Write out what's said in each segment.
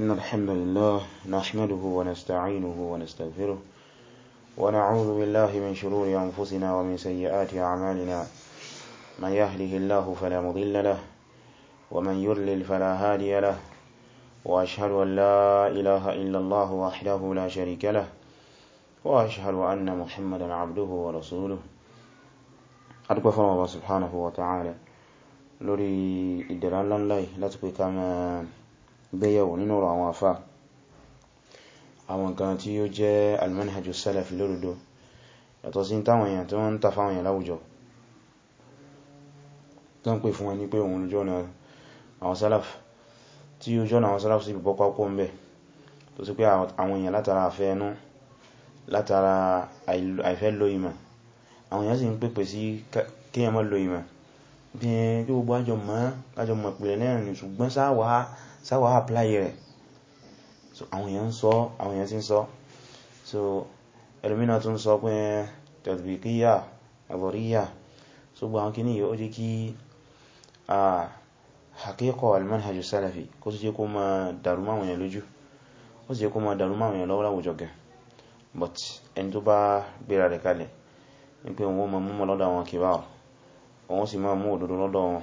إن الحمد لله نحمده ونستعينه ونستغفره ونعوذ بالله من شرور أنفسنا ومن سيئات أعمالنا من يهله الله فلا مضل له ومن يرلل فلا هادي له وأشهد أن لا إله إلا الله وحده لا شريك له وأشهد أن محمدا عبده ورسوله أدقى فرما سبحانه وتعالى لوري إدلالا الله لا تقوي كما gbéyẹ̀wò nínú ọ̀rọ̀ àwọn afá àwọn nǹkan tí ó jẹ́ almanhajus salafi lódodo yàtọ̀ sí táwọn èèyàn tí wọ́n ń tafà àwọn èèyàn láwùjọ tó ń pè fún wọn pé òun na àwọn salaf tí ó jọ́nà àwọn salaf sí ìbọ̀pá pọ̀ ń bẹ̀ tó sì pé àwọn èèyàn látara àfẹ́ ẹnu látara àìfẹ́ lo ìmọ̀ àwọn èèyàn sì sáwà apply rẹ̀ so àwọn èèyàn sọ àwọn èèyàn tí ń sọ so ẹlòmínà tún sọ pé tẹ̀lbìkíyà àbọ̀ríyà so gbà wọn kí ní ó jẹ́ kí a hakíkọ̀ almanhajjú salafi kó tó jẹ́ kó ma dàrú máwọn èèyàn lójú ó sì jẹ́ kó ma dàrú máwọn èèyàn lọ́wọ́ láwùjọ gẹ̀ but ẹni tó bá gbéra rẹ̀ kalẹ̀ ní pé òun ó ma mú mọ́ lọ́dọ̀ àwọn kìbáwọ̀ òun sì máa mú òdodo lọ́dọ̀ wọn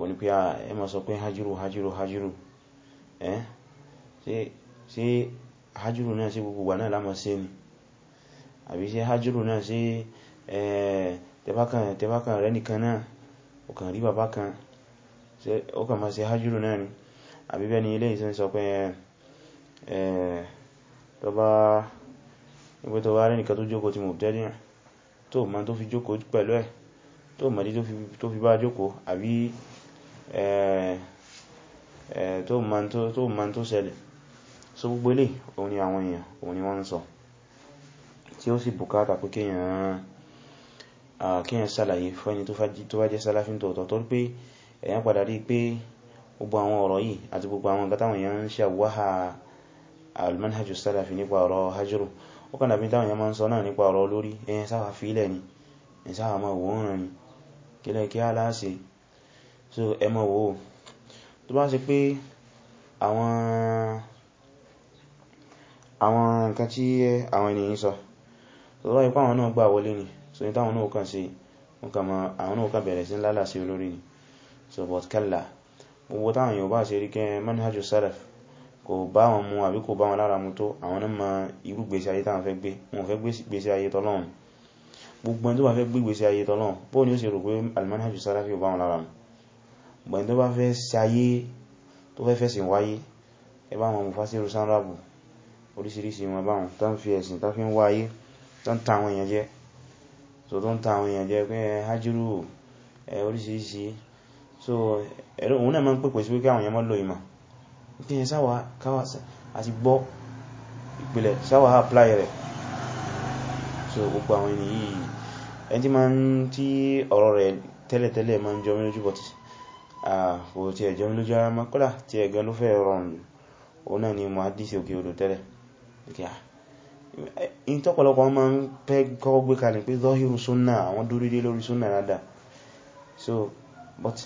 o ní pé ah, ẹ ma sọ pé hajjúrú hajjúrú hajjúrú ẹ́ sí hajjúrú náà sí gbogbo náà lámọ́ sí ni àbí sí hajjúrú náà sí tẹbákan rẹ̀ nìkan náà ọkàn rí bàbá kan ó kàn máa sí hajjúrú náà ni àbí bẹ́ẹ̀ ni ilé ìsẹ́ sọ pé tọba nígbé tọba rẹ̀ nìkan tó jókòó ti tó fi bá jókòó àbí tó ma tó ṣẹlẹ̀ so gbogbo ilé òun ni àwọn èèyàn òun ni wọ́n ń sọ tí ó sì bùkátà pé kíyàn sàlàyé fẹ́ni tó bá jẹ́ sálàfí tòótọ́ torí pé èyàn padà rí pé gbogbo àwọn ọ̀rọ̀ yìí àti gbogbo àwọn nǹkan táwọn èèyàn ń ṣàwáhà almanhajjú sálàfí nípa ọ̀rọ̀ hajjúrù ó kàn dàbí táwọn èèyàn máa ń sọ náà nípa ọ̀rọ̀ lórí ẹyẹn sáwà fílẹ̀ ni so ẹ mọ̀ wò ó tó bá ṣe pé àwọn àwọn nǹkan tí àwọn ènìyàn sọ tó bá ipá àwọn náà gbà wọlé ni so ní táwọn náà kàn sí àwọn náà kàn bẹ̀rẹ̀ sí lálà sí olórí ni so but kalla gbogbo táwọn yóò bá ṣe rí kẹ́ manhajus salaf kò bá wọn mú àbí kò bá wọn lára mú tó àwọn náà ma irú gbèsè ayé táwọn fẹ́ gbé wọn fẹ́ gbèsè ayé tọ́lọ́run gbogbo ẹni tó bá fẹ́ gbé gbèsè ayé tọ́lọ́run bóò ni ó ṣe rò pé almanhajus salaf yóò bá wọn lára mú gbọ́n tó bá fẹ́ sayé tó fẹ́ fẹ́sìn wáyé ẹbá wọn mú fásírù sánràbù orísìírísìí wọn bá wọn tán fi ẹ̀sìn tán fi ń wáyé tán ta àwọn èèyàn jẹ́ so tó ń ta àwọn èèyàn jẹ́ pé hajjúrù orísìírísìí so ẹ̀rọ òun náà máa ń pèpè sí wípé àwọn èèyàn mọ́ lò ìmọ̀ kí ẹ sáwà káwà àti gbọ́ ìpìlẹ̀ sáwà apply so gbogbo àwọn ènìyàn yìí ẹni tí ọ̀rọ̀ rẹ̀ tẹ́lẹ̀tẹ́lẹ̀ máa ń jọ mí lójú bọ̀tí kò tí ẹ̀jẹ́ olójú ara ma kọ́lá tí ẹ̀gẹ́ ló fẹ́ rọrùn jù o náà ni mo àdísì òkè odò tẹ́lẹ̀ in tọ́pọ̀lọpọ̀ ma ń pẹ́ kọ́kọ́ gbé kalẹ̀ pé zọ́hírù súnnà àwọn dórídé lórí súnnà rádà so but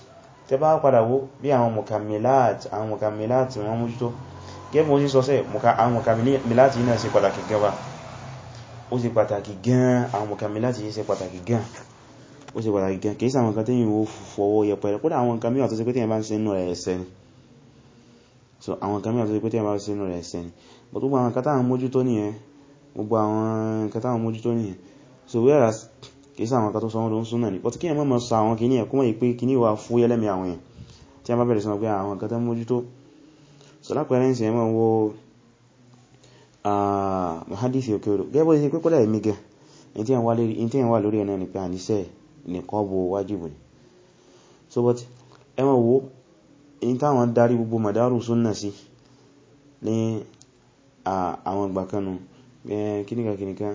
tẹ bá padà wó bí àwọn mọ̀kàmìláàt àwọn mọ̀kàmìláàt wọ́n mójútó gẹ́bù ó sì sọ sẹ́ àwọn mọ̀kàmìláàt yìí náà ṣe pàtàkì gan ba ó ṣe pàtàkì gan àwọn mọ̀kàmìláàt yìí ṣe pàtàkì gan ó ṣe pàtàkì gan kìí sàwọn kan tí yíò fọwọ́ yẹpẹrẹ kódà àwọn nǹkan mìíràn tó ṣe pé tí ẹ bá ń ṣe inú rẹ̀ ẹ̀ṣẹ̀ ni so àwọn nǹkan mìíràn tó ṣe pé tí ẹ bá ń ṣe inú rẹ̀ ẹ̀ṣẹ̀ ni but gbogbo àwọn nǹkan táwọn mójútó nìyẹn gbogbo àwọn nǹkan táwọn mójútó nìyẹn so whereas kìí sàwọn kan tó sọ wọn ló ń súnà ni but kí ẹ mọ́ sọ àwọn kìíní ẹ̀kún mọ̀ pé kìíní wà fú yẹlẹ́mì àwọn èèyàn tí a bá bẹ̀rẹ̀ sọ pé àwọn nǹkan tó mójútó so lápẹẹrẹ ń sì ẹmọ wo mahadisi òkè odò gẹ́gbọ́ sí pé kódà èmi gẹ̀ ní tí ẹ̀ wà lórí ẹ̀ náà ni pé àníṣẹ́ nìkọ́bù wájìbù ni so but ẹmọ wo in táwọn darí gbogbo madaru súnnà sí ní àwọn ìgbàkanu kíníkà kíníkà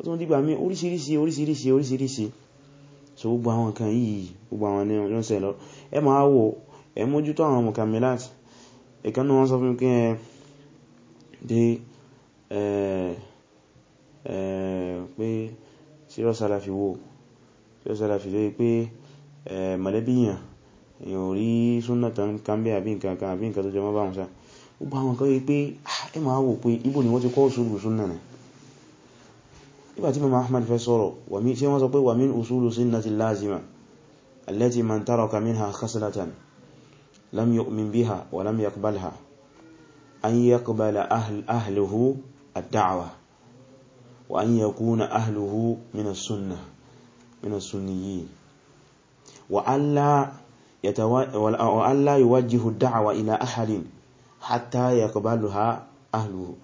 ó tún dìgbà mí oríṣiríṣi oríṣiríṣi oríṣiríṣi so gbogbo àwọn kan yìí gbogbo àwọn ní ọjọ́sẹ̀ lọ ẹ máa wò ẹ mójútó àwọn mukamilat ìkanú wọn sọ fún kí ẹ dé pé sírọ́sálà fi wò yóò sára fi lórí pé mọ̀lẹ́bíyàn èyàn ò rí súnnà tán kánbẹ́ àbí nǹkan kan àbí nǹkan tó jẹmọ́ báhùn sáà ó bá wọn kan rí pé ẹ máa wò pé ibo ni wọ́n ti kọ́ òṣùlù súnnà nì nígbà tí mama ahmad fẹ́ sọ̀rọ̀ tí wọ́n sọ pé wà min usulu sunnati lazima allati man taraka minha khaslatan lam yu'min biha wa lam yaqbalha an yaqbala ahluhu ad-da'wa wa an yakuna ahluhu min as-sunnah mina sunniyin wa alla yuwajjihu da'wa ila ahadin hatta yaqbaluha ahluhu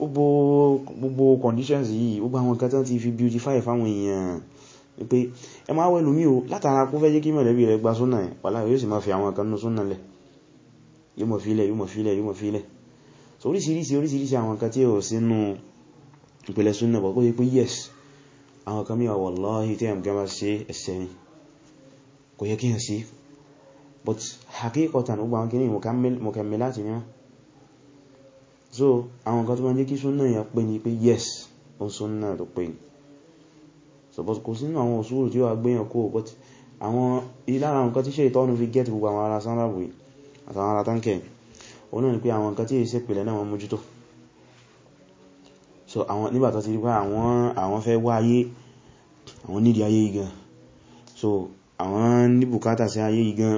gbogbo conditions yìí gbogbo àwọn kan tán ti fi beautify fáwọn èèyàn pé ẹ máa wẹ́lú mí o látara kó fẹ́ jẹ́ kí mẹ̀lẹ́bí rẹ̀ gba súnà ẹ̀ wàlá yóò sì máa fi àwọn akannú súnà lẹ̀ yóò mọ̀ fílẹ̀ yóò mọ̀ fílẹ̀ yóò mọ̀ fílẹ̀ so oríṣiríṣi oríṣiríṣi àwọn kan ẹ̀ sínú ìpìlẹ̀ súnà bọ̀ pé yes àwọn kan míwà wallahi tí ẹ̀mù gẹ́mà sí ẹsẹ̀ ni kò yẹ kí yẹn sí but hakikọta ní gbogbo kìíní mọ̀kànmí láti ní so àwọn kan tó wọ́n jẹ́ kí súnnà yẹn pé ní pé yes o súnnà tó pé ní so but kò sínú àwọn òṣùrù tí ó wà gbéyàn kó but àwọn ìlara nǹkan tí ṣe ìtọ́nù fi get gbogbo àwọn ará sanrabu àtàwọn ará tánkẹ̀ òun náà ni pé àwọn nǹkan tí èsẹ́ pèlẹ̀ náà wọ́n so àwọn nígbà tó ti rí pé àwọn àwọn fẹ́ wá ayé àwọn nídìí ayé yìí gan so àwọn ní bùkátà sí ayé yìí gan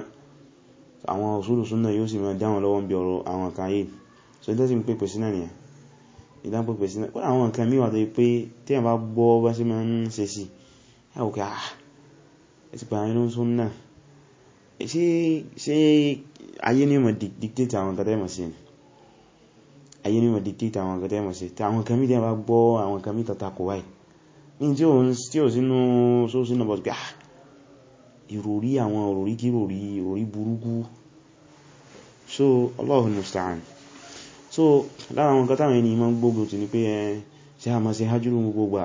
àwọn usulu sunna yóò sì máa dáwọn lọ́wọ́ bí ọ̀rọ̀ àwọn kan ayé so ní tó sì ń pèpè sí náà nìyà ìdán pèpè sí náà kó àwọn nǹkan míwà tó yí pé tí a bá gbọ́ bá sí máa ń ṣe sí àwòkè àà ẹ̀sì pẹ̀lú inú sunna ṣe ayé ní mọ̀ dictate àwọn kàtẹ́ mọ̀ sí ni ayé ní wọ́n dictate àwọn nǹkan tẹ́mọ̀ sí àwọn nǹkan mí tẹ́mọ̀ gbọ́ àwọn nǹkan mí tàtàkò wáyìí ní tí ó ń tí ó sínú sósínú bọ̀ gbà ìròrí àwọn òròrí kí ròrí orí burúkú so Allahu musta'an so lára àwọn nǹkan táwọn ẹni ma ń ti ni pé ẹ sí àmà sí hajjúrù gbogbo gbà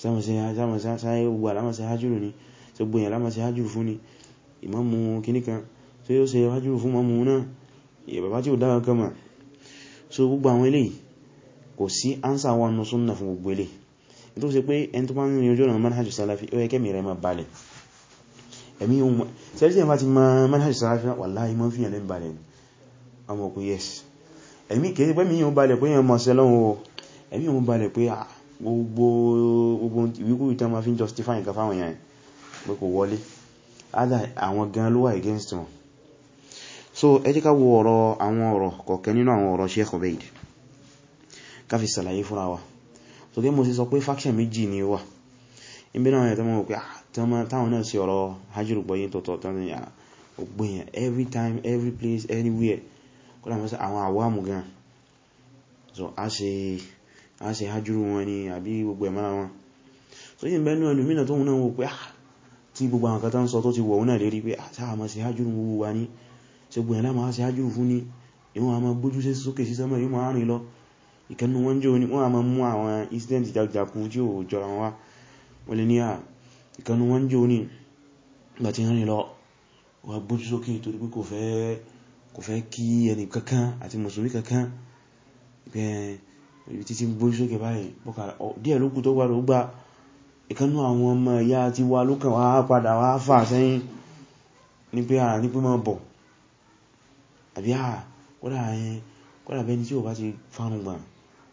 sáàmàsí hajjúrù ni tó gbóyàn lámàsí hajjúrù fún ni ìmámù kíníkan tó yóò ṣe hajjúrù fún mọ́mù náà ìbàbá tí ó dára kan mọ̀ so gbogbo àwọn eléyìí kò sí ánsà wọn nù súnnà fún gbogbo eléyìí tó ṣe pé ẹni tó bá ń rìn ojú ọ̀nà manhajjus ó yẹ kẹ́mì rẹ̀ balẹ̀ ẹ̀mí ohun sẹ́rí tí ti ma manhajjus salafi wallahi mọ́ fíyàn lẹ́m balẹ̀ ọmọ òkú yes ẹ̀mí kèsí pẹ́mí yíò balẹ̀ pé yẹn mọ̀ sẹ́lọ́wọ́ ẹ̀mí ohun balẹ̀ pé ah, gbogbo ìwíkú ma fi justify nǹkan fáwọn yẹn pé kò wọlé àwọn against wọn so ẹ jẹ́ ká wo ọ̀rọ̀ àwọn ọ̀rọ̀ kọ̀ọ̀kan nínú àwọn ọ̀rọ̀ Sheikh Obeid ká fi fúnra wa so gẹ́ mo sì sọ pé faction méjì ni wà níbi náà yẹn tó mọ̀ pé ah, táwọn náà sí ọ̀rọ̀ hajjúrù ah, gbọ́yé every time every place anywhere kọ́lá mọ́ sí àwọn àwọ́mù so a ṣe hajjúrù wọn ni àbí gbogbo so yìí bẹ́ẹ̀ nínú ẹlòmínà tó hùn náà wò pé ah, tí gbogbo àwọn kan tán sọ tó ti wọ̀ náà lérí pé àtàwọn sí hajjúrù gbogbo wa ṣogbọ̀n ẹ̀lá máa ṣe ájú fún ní ìwọ̀n a máa gbójú sí sókè sí sánmà yíò máa rìn lọ ìkẹnu wọ́n jẹ́ oní wọ́n a máa mú àwọn incident jagunjaku tí ó jọra wọn wá wọ́n lè ní à ìkẹnu wọ́n jẹ́ oní ìgbà tí rìn lọ wà gbójú sókè torí pé kò fẹ́ kò fẹ́ kí ẹni kankan àti mùsùlùmí kankan ìkẹnu àwọn ọmọ ìyá ti wá lókàn wá padà wá fà sẹ́yìn ní pé à ní pé mọ́ bọ̀ àbí ah, à kọ́dà bẹni tí ó bá ti fárúgbà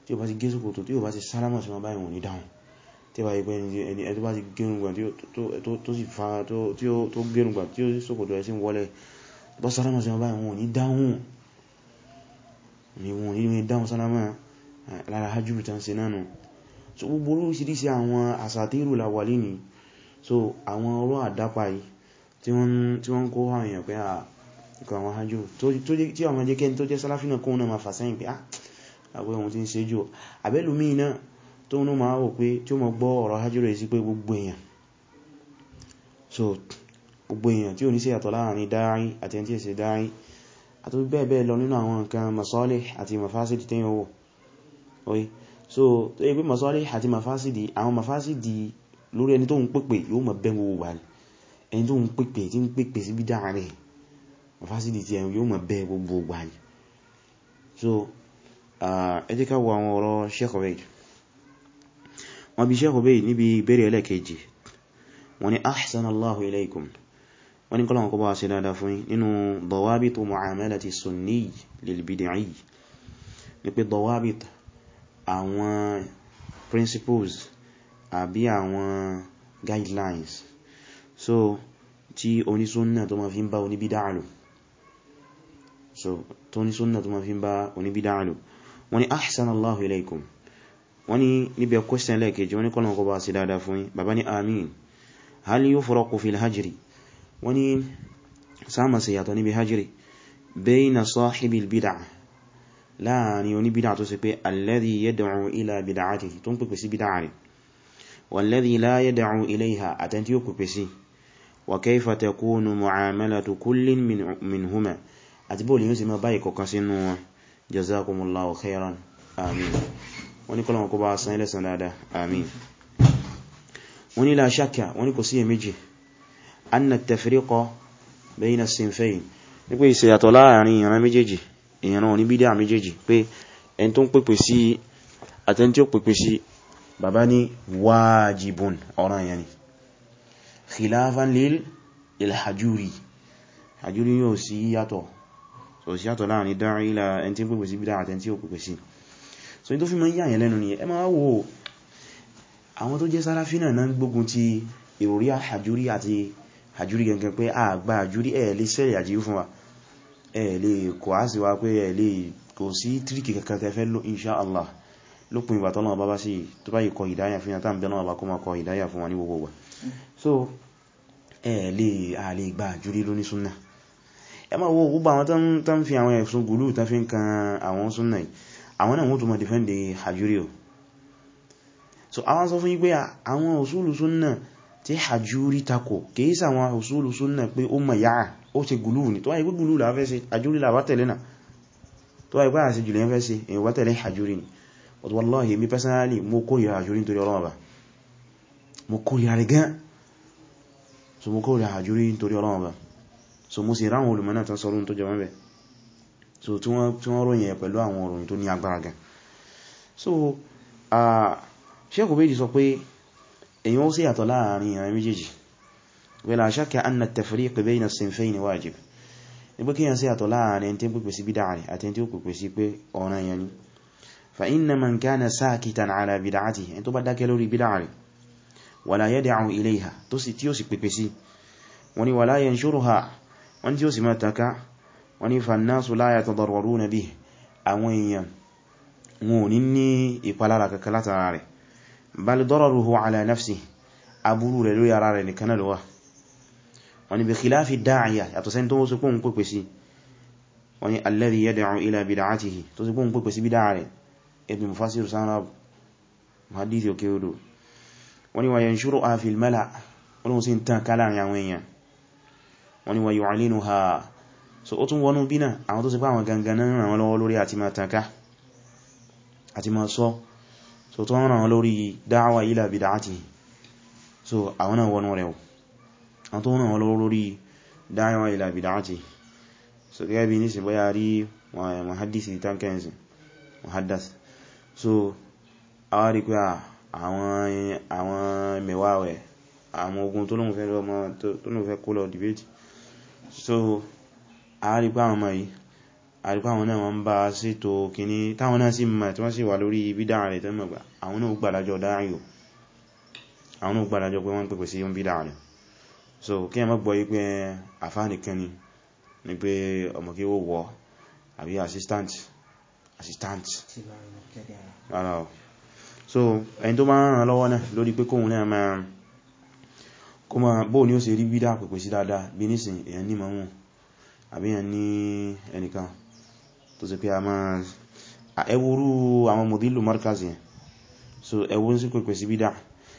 tí ó bá ti gẹ́sùkòtò tí ó bá ti sálámà sí ma báyìí wọn ní dáhùn tí ó bá ipẹ́ ẹni tó bá ti gẹ́rùngbà tó gẹ́rùngbà tí ó sì sókòtò ẹ̀ sí wọlé bá sálámà sí ma báyìí wọn ní dáhùn ni wọn ní dáhùn sálámà lára hajjúrù tán so gbogbo oríṣiríṣi àwọn àsàtírù làwàlí ni so àwọn ọ̀rọ̀ àdápa yìí tí wọ́n kó àwọn ikọ̀ àwọn hajjú tí ọmọ jẹ́ kẹ́ni tó jẹ́ sálàfí náà kóhun náà ma fàsẹ́yìn pé àgbẹ́ ohun tí ń ṣe jù àbẹ́lùmí náà tó ń máa wò pé tí ó mọ gbọ́ ọ̀rọ̀ hajjú rẹ̀ sí pé gbogbo èèyàn so gbogbo èèyàn tí ò ní sí yàtọ̀ láàrin dáárí àti ẹni tí èsì dáárí àti bẹ́ẹ̀ bẹ́ẹ̀ lọ nínú àwọn so tó yẹ pé masọ́lẹ̀ àti mafásídì àwọn mafásídì lórí ẹni tó ń pèpè yóò mọ̀ bẹ́ gbogbo wà ẹni tó ń pèpè tí ń pèpè sí bí dáa rẹ̀ facility ẹ̀ yóò mọ̀ bẹ́ẹ̀ gbogbo gbà ní so ẹ jẹ́ ká wo àwọn ọ̀rọ̀ Sheikh Obeid wọ́n bí Sheikh Obeid níbi ìbéèrè ẹlẹ́kejì wọ́n ní ahsanallahu ilaykum wọ́n ní kọ́lọ̀wọ́n kọ́ bá ṣe dáadáa fún nínú dawabitu mu'amalati sunni lil bid'i ní pé dawabit àwọn principles àbí àwọn guidelines so tí onísúnnà tó ma fi ń bá oníbídà lò so tó ní súnnà tó ma fi ń bá oníbídáà lò wọ́n ní ahsan allahu ilaikum wọ́n ní níbi question lẹ́ẹ̀kejì wọ́n ní kọ́lọ̀ kọ́ bá sí dáadáa fún yín bàbá ní amin hal yufraqu fil hajri wọ́n ní sáàmà sí yàtọ̀ níbi hajri bayna sahibil bid'ah láàrin oníbídà tó sì pé alladhi yad'u ila bid'atihi tó ń pèpè sí bid'ah rẹ̀ walladhi la yad'u ilayha àtẹ́ntí ó pèpè sí wa kayfa takunu mu'amalatu kullin minhuma min àti bóòlù yóò sì máa báyìí kọ̀kan sínú wọn jazakumullahu khairan amin wọ́n ní kọ́lọ̀wọ́n kó bá san ilẹ̀sàn dáadáa amin wọ́n ní la shakka wọ́n ní kò sí èméjì anna tafriqa bayna sinfayn ní pé ìṣẹ̀yàtọ̀ láàrin ìran méjèèjì ìran oní bídá méjèèjì pé ẹni tó ń pèpè sí àtẹni tí ó pèpè sí bàbá ní wájibun hajuri yóò sí yàtọ̀ òsíyàtọ̀ láàrin dáa ilá ẹni tí ń pèpè sí bídá àtẹni tí ó pèpè sí so ní tó fi mọ́ yàyàn lẹ́nu ni ẹ máa wo àwọn tó jẹ́ sáráfínà náà gbógun ti ìròrí àjúrí àti àjúrí gẹngẹn pé àgbà àjúrí ẹ̀ lè sẹ́rẹ̀ àjírí fún wa ẹ̀ lè kò á sí wa pé ẹ̀ lè kò sí tíríkì kankan tẹ́fẹ́ ló insha Allah lópin ìbàtọ́ náà bábá sí tó bá ìkọ ìdáyà fún yàtà ìbẹ̀ náà kó ma kọ ìdáyà fún wa ní gbogbo wa so ẹ̀ lè àlè gbà àjúrí lóní súnnà ẹ máa wo gbogbo àwọn tó ń fi àwọn ẹ̀sùn gùlù tó fi ń kan àwọn súnnà àwọn náà wọ́n tó mọ̀ defend hajjúrí o so àwọn sọ fún yí pé àwọn òsúlù súnnà tí hajjúrí takò kìí sàwọn òsúlù súnnà pé ó mọ̀ yáà ó ṣe gùlù ní tó wáyé pé gùlù làá fẹ́ ni but wallahi mi personally mo kórìíra hajjúrí nítorí ọlọ́run ọba mo so mo kórìíra hajjúrí nítorí ọlọ́run so mo sì ráwọn olùmọ̀ náà tán sọrún tó jẹ mẹ́bẹ̀ so tí wọ́n ròyìn ẹ̀ pẹ̀lú àwọn òròyìn tó ní agbára gan so ṣẹ́kùnbéjì sọ pé èyàn ó sí yàtọ̀ láàrin ìran méjèèjì wala shakka anna at-tafriq bayna as-sinfayn wajib nígbé kí yàn sí yàtọ̀ láàrin tí ó pèpè sí bídá rẹ̀ ni fa inna man kana wọ́n tí ó sì máa taka wọ́n ní fannásu la yatadarraruna bihi àwọn èèyàn wọn ò ní ní ìpalára kankan látara rẹ̀ bal dararuhu ala nafsihi aburú rẹ̀ lórí ara rẹ̀ nìkan náà lọ́wà wọ́n ní bi khilafi da'iya yàtọ̀ sẹ́ni tó ń sọpọ̀ ń pèpè sí wọ́n ní alladhi yad'u ila wọ́n ní wọ́n ní ń tàn kálà àwọn èèyàn wọ́n ni wa yu'linuha so ó tún wọnú bínà àwọn tó sì pá àwọn gangan náà ràn wọ́n lọ́wọ́ lórí àti máa tànká àti máa sọ so tó ràn wọ́n lórí da'wa ila bid'ati so àwọn náà wọnú rẹ̀ àwọn tó ràn wọ́n lọ́wọ́ lórí da'wa ila bid'ati so gẹ́gẹ́ bí ní sí so àrípa àwọn ọmọ yìí àrípa àwọn náà wọ́n bá sí tó kìíní táwọn náà sì mọ̀ tí wọ́n sì wà lórí bídá rẹ̀ tẹ́ mọ̀gbà àwọn náà gbàdájọ́ dáyò àwọn náà gbàdájọ́ pé wọ́n pẹ̀pẹ̀ sí bídá rẹ̀ so kí ẹ mọ́ gbọ́ wípé àfáànìkan ni ni pé ọmọ assistant assistant so ẹni tó bá ń ràn kó ma bóò ní ó ṣe rí bídá pẹ̀pẹ̀ sí dáadáa bí nísìn èyàn ní mọ́mù àbíyàn ní ẹnìkan tó sì pé a máa ẹwúrú àwọn mọ̀dílù markaz so ẹwú sí pẹ̀pẹ̀ sí bídá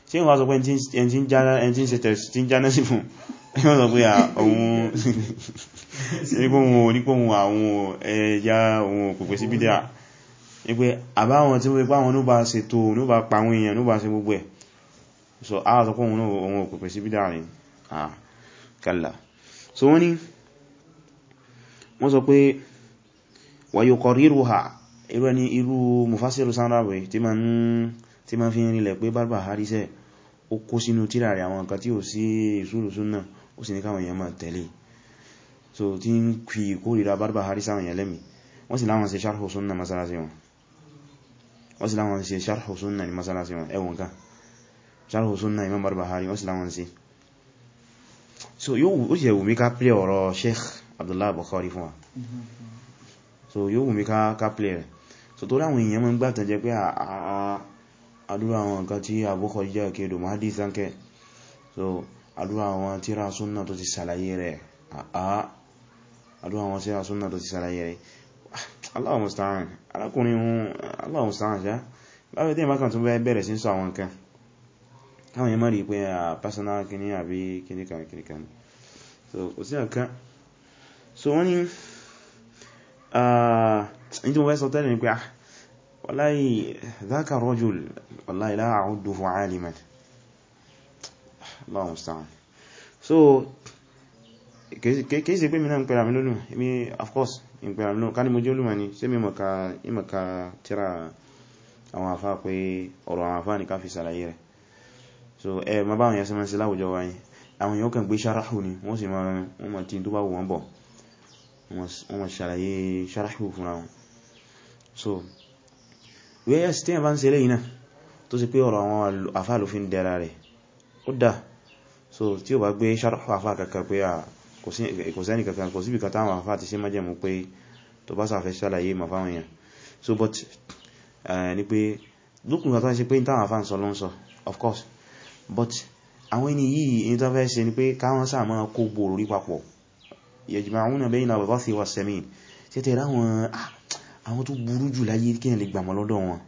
tí wọ́n sọ pé ẹn tí ń ṣe tẹ̀sí jáná sí fún ẹwọ́n sọ pé àwọn onípòhun àwọn ẹ̀yà ohun pẹ̀pẹ̀ sí bídá wípé àbáwọn tí wọ́n pẹ́ àwọn ní ó bá so a ah, sọ kún ohun òpèpè sí bídá rẹ̀ ah, à kalla so wọ́n ni wọ́n sọ pé wa yuqarriruha irú ẹni irú mufassiru sanrawe tí ma fi ń rí lẹ̀ pé barbara harisẹ́ ó kó sínú tíra rẹ̀ àwọn nǹkan tí ó sí ìṣúrù súnnà ó sì ní káwọn èèyàn máa tẹ̀lé so tí ń fi ìkórìíra barbara harisẹ́ àwọn èèyàn lẹ́mìí wọ́n sì láwọn ṣe sharhu súnnà masalasi wọn wọ́n sì láwọn ṣe sharhu súnnà ní masalasi wọn ẹwọ̀n kan sharhu sunna imam barbahari wọ́n sì láwọn sí so yóò ṣe wùmí ká play ọ̀rọ̀ sheikh abdullahi bukhari fún wa so yóò wùmí ká play rẹ̀ so ah, ah, ah, tó láwọn èèyàn mọ́ ń tẹ́jẹ́ pé àdúrà alákùnrin ohun Allahu ṣá láwẹ́ tí ìbákan tún bẹ́ẹ̀ bẹ̀rẹ̀ sí sọ àwọn nǹkan káwọn yẹn mọ́rí pé à personal kìíní àbí kìíníkan kìíníkan so kò sí ọ̀kan so wọ́n ni ní tí mo fẹ́ sọ tẹ́lẹ̀ ni pé wallahi dhaka rajul wallahi la a'udduhu 'aliman Allahu musta'an so kìí ṣe pé mi náà ń pẹ̀lá mi lólùmọ̀ èmi of course ń pẹ̀lá mi lólùmọ̀ ká ní mo jẹ́ olùmọ̀ ni ṣe mi mọ̀ká tíra àwọn àfá pé ọ̀rọ̀ àwọn àfá ní ká fi so ẹ ma báwọn yẹn sẹ́mẹ́sí láwùjọ wa yìí àwọn èèyàn kàn gbé ṣáráhù ni wọ́n sì ma wọ́n ma tí tó bá wọ́n bọ̀ wọ́n ma ṣàlàyé ṣáráhù fúnra wọn so wíyẹ́sì tí ẹ bá ń ṣe lẹ́yìn náà tó sì pé ọ̀rọ̀ àwọn àfá ló fi ń dẹ̀ra rẹ̀ ó dà so tí ó bá gbé ṣarhu àfá kankan pé à kò sẹ́ni kankan kò síbi kàtàwọn àfá ti sí májẹ̀mú pé tó bá sàfẹ́ ṣàlàyé ma fáwọn èèyàn so but ní pé lókùn kàtà sí pé ìtàwọn àfá ń sọ ló ń sọ of course but àwọn ẹni yìí èyí tó fẹ́ ṣe ni pé káwọn sáà máa kó gbòòrò rí papọ̀ yẹjìmá àwọn náà bẹ́yìn àwẹ̀kọ́ sí wàsẹ̀mí títẹ̀ ráwọn àwọn tó burú jù láyé kí lè gbàmọ́ lọ́dọ̀ wọn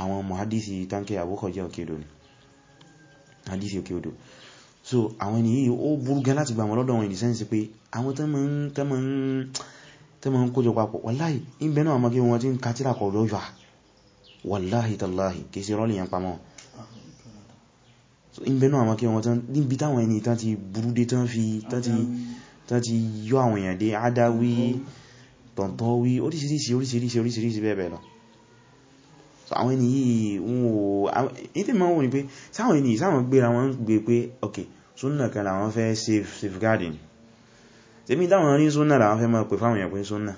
àwọn ọmọ hadisi tánkẹ́ àwọ́kọ̀ jẹ́ òkèdò ni hadisi òkèdò so àwọn ènìyàn yìí ó burú gan láti gbàmọ́ lọ́dọ̀ wọn in the sense pé àwọn tẹ́mọ̀ ń kójọ papọ̀ wàláhì in bẹ̀rẹ̀ àwọn ọmọgé wọn tí ń katira kọ̀ lọ́yà wàláhì tàláhì kìí sí rọ́lì yẹn pamọ́ ìbẹ̀nà àwọn akẹwọn tán níbi táwọn ẹni tán ti burúdé tán fi tán ti yọ àwọn èèyàn dé adáwí tọ̀ntọ́wí oríṣiríṣi oríṣiríṣi oríṣiríṣi bẹ́ẹ̀bẹ́ẹ̀ lọ àwọn ẹni yìí wọ́n ètè máa wọ́n ni pé sáwọn ẹni sáwọn gbéra wọn gbé pé ok súnnà kan làwọn fẹ́ safeguarding tèmi dáwọn rí súnnà làwọn fẹ́ máa pè fáwọn èèyàn pé súnnà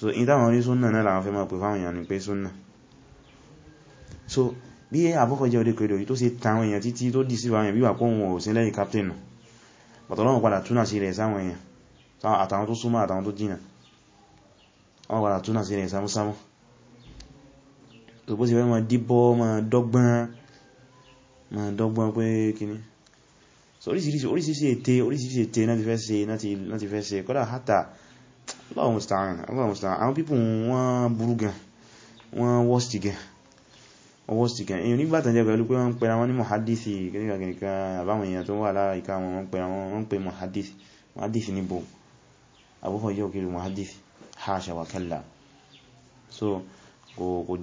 so in dáwọn rí súnnà náà làwọn fẹ́ máa pè fáwọn èèyàn pé súnnà so bí Abubakar òde kèrè tó ṣe tàwọn èèyàn títí tó dì sí àwọn ìbíwà kó wọn ò sí lẹ́yìn captain bàtọ̀lọ́wọ̀n padà túnà sí rẹ̀ sáwọn èèyàn àtàwọn tó súnmọ́ àtàwọn tó jìnà wọ́n padà túnà sí rẹ̀ sámúsámú tó bó sì fẹ́ máa díbọ́ máa dọ́gbọ́n máa dọ́gbọ́n pé kíní so oríṣiríṣi ète oríṣiríṣi ète náà ti fẹ́ ṣe náà ti fẹ́ ṣe kọ́dà hátà Allahu musta'an Allahu musta'an àwọn pípùn wọ́n burú gan wọ́n wọ́stì gan ọwọ́ síkẹ̀ èyàn nígbàtànjẹ́ pẹ̀lú pé wọ́n ń pẹ̀ra wọn ní mọ̀hádìsì gẹ́gẹ́gẹ́gẹ́ àbáwọn èèyàn tó wà lára ìka wọn pẹ̀ra wọn wọ́n pè mọ̀hádìsì níbo àbúkọ̀ yóò kiri mọ̀hádìsì haṣa wa so kò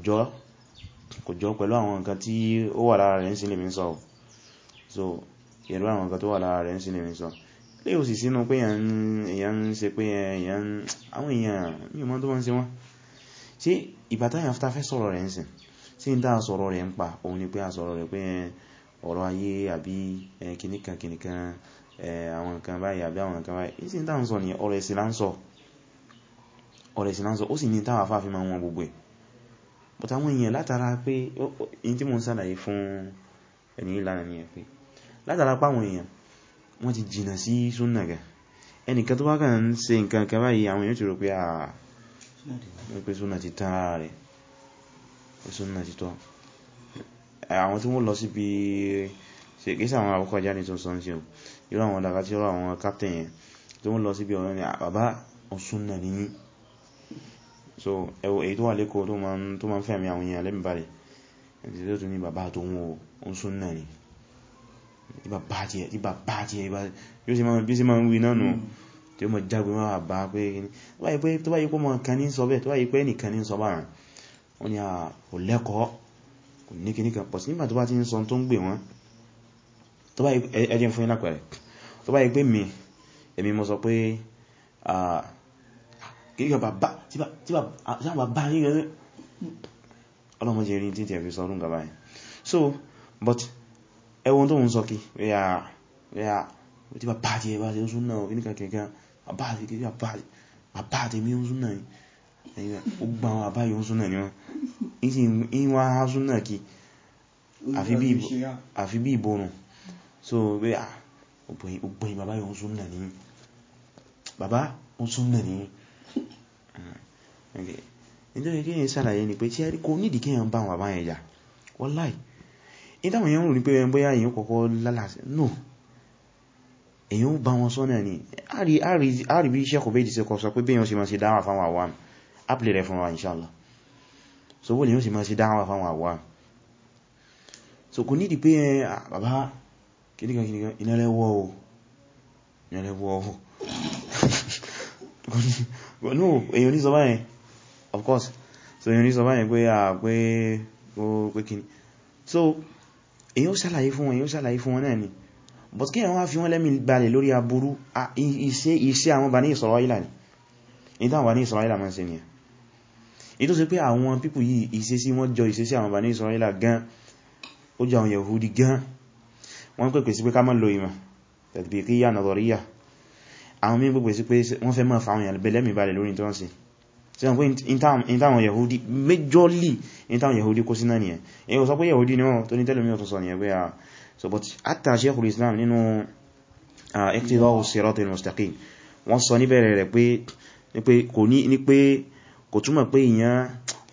jọ pẹ̀lú àwọn nǹkan tí ó wà lára rẹ̀ ń sí lè sọ so yẹ̀rọ àwọn nǹkan tó wà lára rẹ̀ ń sí lè mi sọ lè ò sì sínú pé èyàn ń ṣe pé èyàn àwọn ìbátáyàn fẹ́ sọ̀rọ̀ rẹ̀ ń sìn tí ń dá sọ̀rọ̀ rẹ̀ ń pa òun ni pé a sọ̀rọ̀ rẹ̀ pé ọ̀rọ̀ ayé àbí kìníkan kìníkan àwọn nǹkan báyìí àbí àwọn nǹkan báyìí ìsìn tá sọ ni ọ̀rọ̀ ẹ̀sìn láńsọ ọ̀rọ̀ ẹ̀sìn láńsọ ó sì ní táwà fáfí ma wọn gbogbo ẹ̀ but àwọn èèyàn látara pé tí mo ń sàlàyé fún ẹni ìlànà ni pé látara èèyàn wọ́n ti jìnà sí tó bá kàn ń nǹkan kan báyìí àwọn súnnà títọ́ àwọn tí wọ́n lọ síbi ṣe kéṣà àwọn àwọ́kọ̀ jáde tó sọ ṣe irú àwọn ọ̀dàkà tí ó rọ àwọn captain yẹn tí wọ́n lọ síbi ọ̀rọ̀ ni bàbá ọ̀súnnà ní yí so ẹwọ èyí tó wà lẹ́kọ̀ọ́ tó ma ń fẹ́mí àwọn èèyàn lẹ́mí balẹ̀ ẹ̀tì tó tún ní bàbá tó ń wo ọ̀súnnà ní bàbá tí ẹ̀ bí sí máa ń wí náà nù hmm. tí ó mọ̀ jágbe máa bá pé tó báyìí pé ẹnìkan ní sọ bẹ́ẹ̀ tó báyìí pé ẹnìkan wọ́n ni kò lẹ́kọ̀ọ́ kò ní kìíní kan pọ̀sí nígbà tó bá ti ń sọ tó ń gbè wọ́n tó bá ẹjẹ́ fún iná pẹ̀rẹ̀ tó bá yí pé mi èmi mo sọ pé kíkọ bàbá tí bàbá yí gẹ́gẹ́ ọlọ́mọdé rí tí tẹ̀fẹ́ sọ ọdún gaba yìí so but ẹwọ́n tó ń sọ kí ríà tí bàbá tí ẹ bá ti ń ó gbá àwọn àbáyọ súnà ni wọn in wá ha súnà kí àfi bí ìbòrùn so pé à ọgbọ̀n ìbàbá yóò súnà ni bàbá ó súnà ni hmm. nítorí kí èyàn sàlàyé ni pé tí a rí kó nídìí kí èyàn bá wọn bàbá yẹn jà wálláhì ìdáwọn èyàn rò ní pé ẹn bóyá èyàn kọ́kọ́ lálàsẹ̀ no èyàn bá wọn sọ́nà ni a rí bí iṣẹ́ kò bẹ́jì sí kọ́ sọ pé bí èyàn sì máa ṣe dáwà fáwọn àwọn àmì ápìlẹ̀ rẹ̀ fún wa inṣáàlá so wọ́n ni ó sì máa sí dáwà fáwọn àwà so kò nídi pé eh, ah, bàbá kìdíkan kìdíkan ìnẹ́lẹ́wọ́ o ìnẹ́lẹ́wọ́ o no èyàn ní sọ báyẹn of course so èyàn ní sọ báyẹn pé à ah, pé o pé kìní so èyàn ó ṣàlàyé fún wọn èyàn ó ṣàlàyé fún wọn náà ni but kí àwọn afi wọn lẹ́mì balẹ̀ lórí aburú iṣẹ́ ah, àwọn Bani Isra'ila ni ìdáwọn Bani Isra'ila mọ́ sí ni ẹ̀ èyí tó ṣe pé àwọn pípù yìí ìṣesí wọ́n jọ ìṣesí àwọn Bani Isra'ila gan ó jọ àwọn Yahudi gan wọ́n pèpè sí pé ká má lo ìmọ̀ tatbiqiyya nadhariyya àwọn mí pèpè sí pé wọ́n fẹ́ mọ́ fàwọn yàlẹ̀ bẹ̀lẹ́mì balẹ̀ lórí tó ń ṣe tí wọ́n pé ìntàwọn Yahudi méjọ́lì ìntàwọn Yahudi kó sí náà nìyẹn èyí ò sọ pé Yahudi ni wọ́n tó ní tẹ́lẹ̀ mí ọ̀tọ̀ sọ nìyẹn pé à ah, so but hatta Sheikhul Islam nínú ah, iqtida'u siratil mustaqim wọ́n sọ níbẹ̀rẹ̀ rẹ̀ pé kò ní pé kò túmọ̀ pé èyàn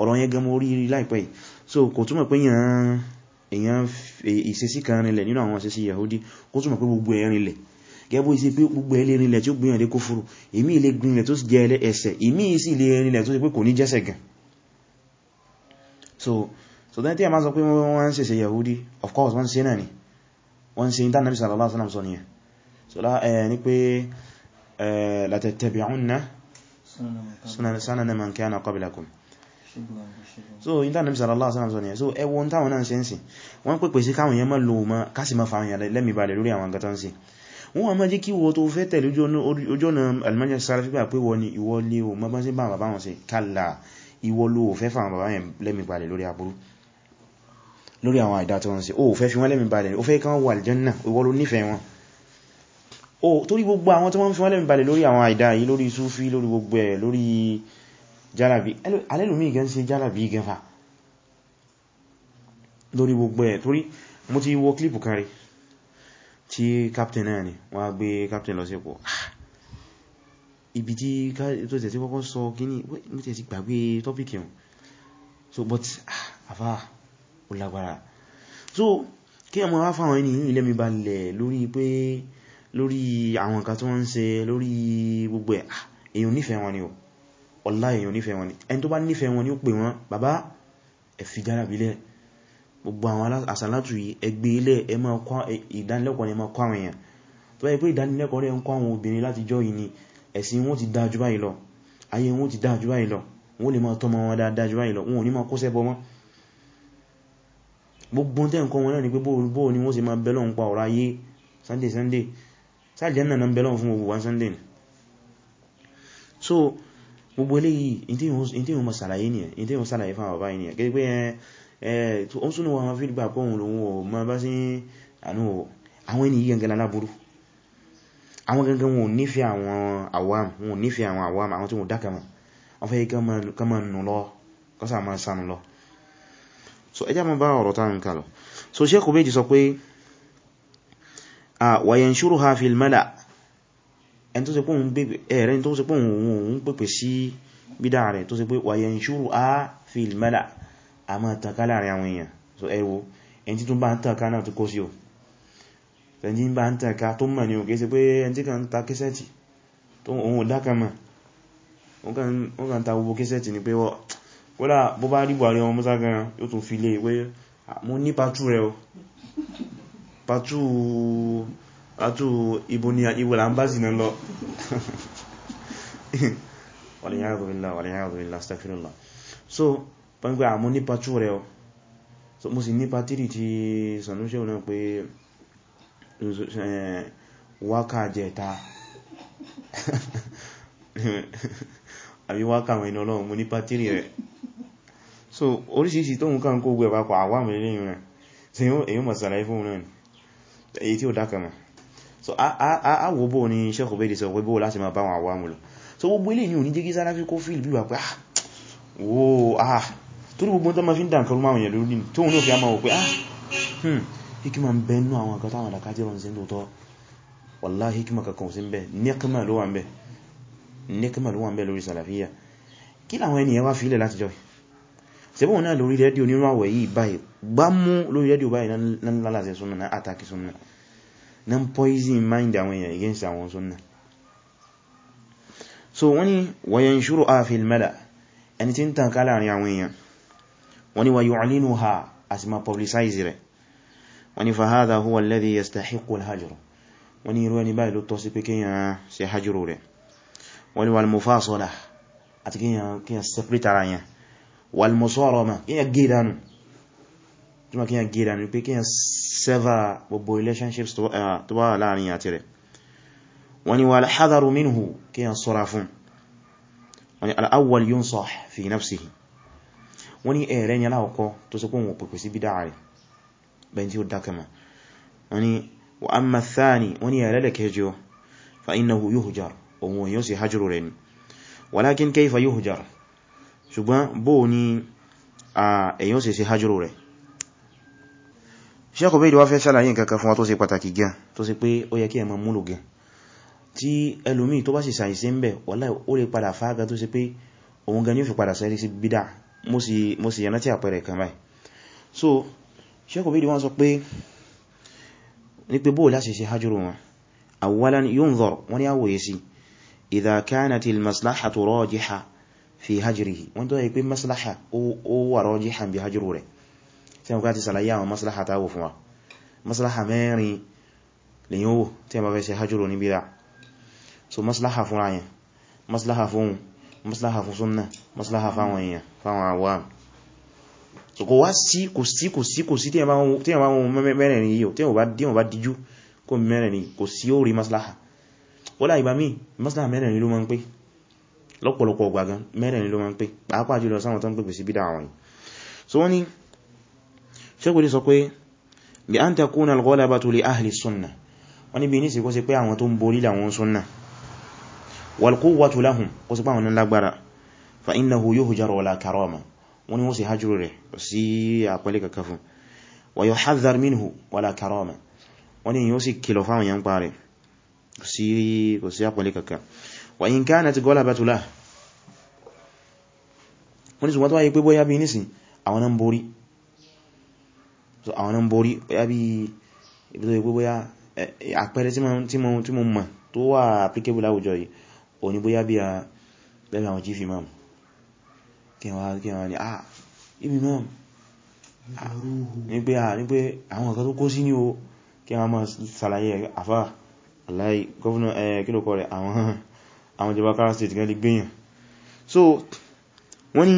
ọ̀rọ̀ yẹn gan mo rí láìpẹ́ so kò túmọ̀ pé èyàn ìṣesí kan rinlẹ̀ nínú àwọn ìṣesí Yahudi kò túmọ̀ pé gbogbo ẹ̀ rinlẹ̀ gẹ́gbó isi pé gbogbo ẹlẹ́ rinlẹ̀ tí ó gbìyàn lé kófúrú èmí ilé gbìyànlẹ̀ tó sì jẹ́ ẹlẹ́ ẹsẹ̀ èmí isi ilé rinlẹ̀ tó so so then tí a máa sọ of course wọ́n ṣe náà ni wọ́n ṣe ìtàn so lá eh, ní pé eh, la tattabi'unna sunan sanana man kana qablakum so in ta nabi sallallahu alaihi wasallam so ẹ wo n táwọn náà ṣe ń sìn wọ́n pèpè sí káwọn yẹn mọ́ lò mọ́ kásì mọ́ fàwọn lẹ́mì balẹ̀ lórí àwọn nǹkan sí wọ́n wọ́n mọ́ jẹ́ kí wo tó fẹ́ tẹ̀lé ojú ọ̀nà almanjẹ́ sára fígbà pé wọ́n ni ìwọ lé o mọ́ bọ́n sí bá bàbá wọn sí kàlà ìwọ ló o torí gbogbo àwọn tí wọ́n ń fi wọ́n lẹ́mì balẹ̀ lórí àwọn àìdá yìí lórí súfí lórí gbogbo ẹ̀ lórí jálàbí alẹ́lùmí gan ṣe jálàbí gan fà lórí gbogbo ẹ̀ torí mo ti wo clip kan tí captain náà ni wọ́n gbé captain lọ sípò ah! ibi tí tó tẹ̀ sí kọ́kọ́ sọ kíní mo tẹ̀ sí gbàgbé tọ́pìkì hàn so but ah, àfà ó lágbára so kí ẹmọ wá fáwọn ẹni ilẹ̀ mi balẹ̀ lórí pé lórí àwọn nǹkan tí wọ́n ń ṣe lórí gbogbo ẹ̀ ah, èyàn nífẹ̀ẹ́ wọn ni o ọ̀lá èyàn nífẹ̀ẹ́ wọn ni ẹni tó bá nífẹ̀ẹ́ wọn ni ó pè wọ́n bàbá ẹ fi járàbílẹ̀ gbogbo àwọn àsàlátù yìí ẹgbẹ́ ilẹ̀ e ẹ máa kọ́ ìdánilẹ́kọ̀ọ́ ni ẹ máa kọ́ àwọn èèyàn tó yẹ pé ìdánilẹ́kọ̀ọ́ rẹ̀ ń kọ́ àwọn obìnrin láti jọ́ yìí ni ni pé bóò ni wọ́n sì máa bẹ́lọ̀ ń pa sunday sunday sáàlìjẹ́nà na ń bẹ̀lọ́n fún gbogbo wọn sunday so gbogbo eléyìí in tí yíò mọ̀ sàlàyé ni ẹ̀ in tí yíò sàlàyé fún àwọn báyìí ni ẹ̀ gẹ́gẹ́ pé ẹ̀ tó ń súnú wọn ma fi gbà pọ̀hùn lòun o ma bá sí àánú àwọn ènìyàn gangan aláburú àwọn gangan wọn ò nífẹ̀ẹ́ àwọn àwam wọn ò nífẹ̀ẹ́ àwọn àwam àwọn tí wọ́n so ẹjá mọ̀ bá ọ̀rọ̀ so ṣẹ́kù méjì sọ pé wàyẹ̀nṣúrùhá fi mẹ́lá ẹni tó ṣe pé òun pèpè sí bídá rẹ̀ tó ṣe pé wàyẹ̀nṣúrùhá fi a máa tàkà láàrin àwọn èèyàn so ẹwọ ẹni tí tún bá ń tàkà náà tó kó sí o ẹni bá ń tàkà tó mọ̀ ní òkè sí pé ẹni tí kàn ń ta kẹsẹ̀tì tó òun ò dákà e o pàtú àtú ibo ni ibo là ń bá zìnà lọ waliyadu billah so pẹ̀lú àmú ní pàtú rẹ̀ so mo sì ní pàtírì ti sànúṣẹ́ náà pé eh, wákà jẹta àbí wákà àwọn iná ọlọ́run mo so oríṣiríṣi tóhun ká ń kó gbẹ̀ papọ̀ àwọn àmì lẹ́yìn rẹ̀ tí èyí mọ̀ èyí tí ó dákàmà so a wo bó ní iṣẹ́ kò bèèrè sọ pé bó láti máa bá wọn àwọn àmúlò so gbogbo ilé ní oníjẹ́ kí Salafi kó fíìl bíwà pé ah, wo ah torí gbogbo tó ma fi ń dànkọrù máa wọ̀nyẹ̀ ah hmm hikima ń bẹ nú àwọn àkátà àwọn àdàkájẹ́ wọn wallahi hikima kankan sí ń bẹ nẹ́kìmà ló wà ń bẹ lórí Salafiyya kí làwọn ènìyàn wá fi ilẹ̀ láti jọ́ sẹ́bọ̀n náà lórí rédíò nínú àwẹ̀ yìí báyìí gbá mú lórí rédíò báyìí lálàsẹ̀ súnnà náà àtàkì súnnà na ń poison mind àwọn èèyàn against àwọn súnnà so wọ́n ni wa yanshuruha fil mala ẹni tí ń tàn kálà rí àwọn èèyàn wọ́n ni wa yu'linuha publicize rẹ̀ wọ́n ni fa hadha huwa alladhi yastahiqqu al-hajr wọ́n ni irú ẹni báyìí ló tọ́ sí pé kíyàn ṣe hajjúrò walmọ́sọ́rọ̀mà kíyàn gé dànù túnmà kíyàn gé dànù pé kíyàn sever gbogbo relationships tó wà láàrin àti rẹ̀ wọ́n ni wal-hadaru minhu kíyàn sọ́ra fún wọ́n ni al-awwal yunsah fi nafsihi wọ́n ni ẹ̀rẹ́ ni aláwọ̀kọ́ tó sọ pé wọn pẹ̀pẹ̀ sí bídá rẹ̀ bẹ́ẹ̀ tí ó wa amma thani wọ́n ni ẹ̀rẹ́ lẹ́kẹjọ fa innahu yuhjar ohun yóò sì hajjúrò walakin kayfa yuhjar ṣùgbọ́n bó ní ẹ̀yàn ṣe ṣe hajjúrò rẹ̀ ṣe kọ̀bẹ̀ ìdíwá fẹ́ ṣàlàyé nǹkankan fún wa tó ṣe pàtàkì gan tó ṣe pé ó yẹ kí ẹ máa múlò gan tí ẹlòmí tó bá sì ṣàìsí ń bẹ̀ wallahi ó lè padà fága tó ṣe pé òun gan ni ó fi padà sẹ́rí sí bídà mo sì yànà tí àpẹẹrẹ kan báyìí so ṣe kọ̀bẹ̀ ìdíwá sọ pé fi hajrihi wọ́n tó yẹ pé maslaha ó wà rajihan bí hajru rẹ̀ tí wọ́n ká ti sàlàyé àwọn maslaha táwò fún wa maslaha mẹ́rin lèyìn owó tí wọ́n bá fẹ́ ṣe hajru ní bídá so maslaha fún ráyẹn maslaha fún maslaha fún súnnà maslaha fáwọn èèyàn fáwọn àwọn so kò wá sí kò sí kò sí kò sí tí wọ́n bá wọn mẹ́rin yíò tí wọ́n lọ́pọ̀lọpọ̀ ọgbà gan mẹ́rin ló ma ń pè pàápàá jùlọ sáwọn tó ń pèpè sí bídá àwọn so wọ́n ni ṣẹ́gbẹ̀rí sọ pé bí an takuna al-ghalabatu li ahli sunna wọ́n ni bí ní síkọ́ sí pé àwọn tó ń borí làwọn sunna wal quwwatu lahum kó sí pé àwọn lágbára fa innahu yuhjaru wala karama wọ́n ni wọ́n sì وإن كانت غلبة له wọ́n ni ṣùgbọ́n tó wáyé pé bóyá bí nísìn àwọn ń borí so àwọn náà ń borí bóyá bí ibi tó yẹ pé bóyá àpẹẹrẹ tí mo mọ̀ tó wà applicable láwùjọ yìí o ní bóyá bí àwọn chief imam kẹwàá ní ah ibi imam ní pé àwọn ọ̀kan tó kó sí o kẹwàá máa ṣàlàyé àfáà aláì gọ́ọ̀nà kílòkọ rẹ̀ àwọn àwọn ìjọba kára state gan lè gbéyàn so wọ́n ni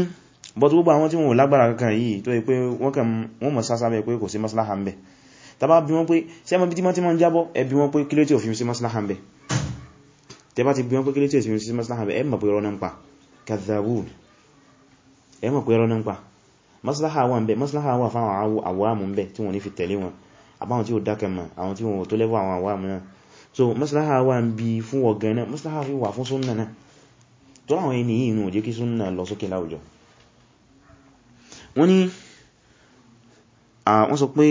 but gbogbo àwọn tí wọ́n lágbára kankan yìí tó yẹ pé wọ́n mọ̀ sásábẹ̀ pé kò sí maslaha ń bẹ̀ tàbá bí wọ́n pé ṣé mọ̀ bí tí wọ́n ti mọ́ ń jábọ́ ẹ bí wọ́n pé kílé tí ò fi sí maslaha ń bẹ̀ tẹ́ bá ti bí wọ́n pé kílé tí ò fi sí maslaha ń ẹ so maslaha wà ń bi fún ọ̀gán náà maslaha fi wà fún súnnà náà tó àwọn ẹni yìí inú ò jẹ́ kí súnnà lọ sókè láwùjọ wọ́n ni wọ́n sọ pé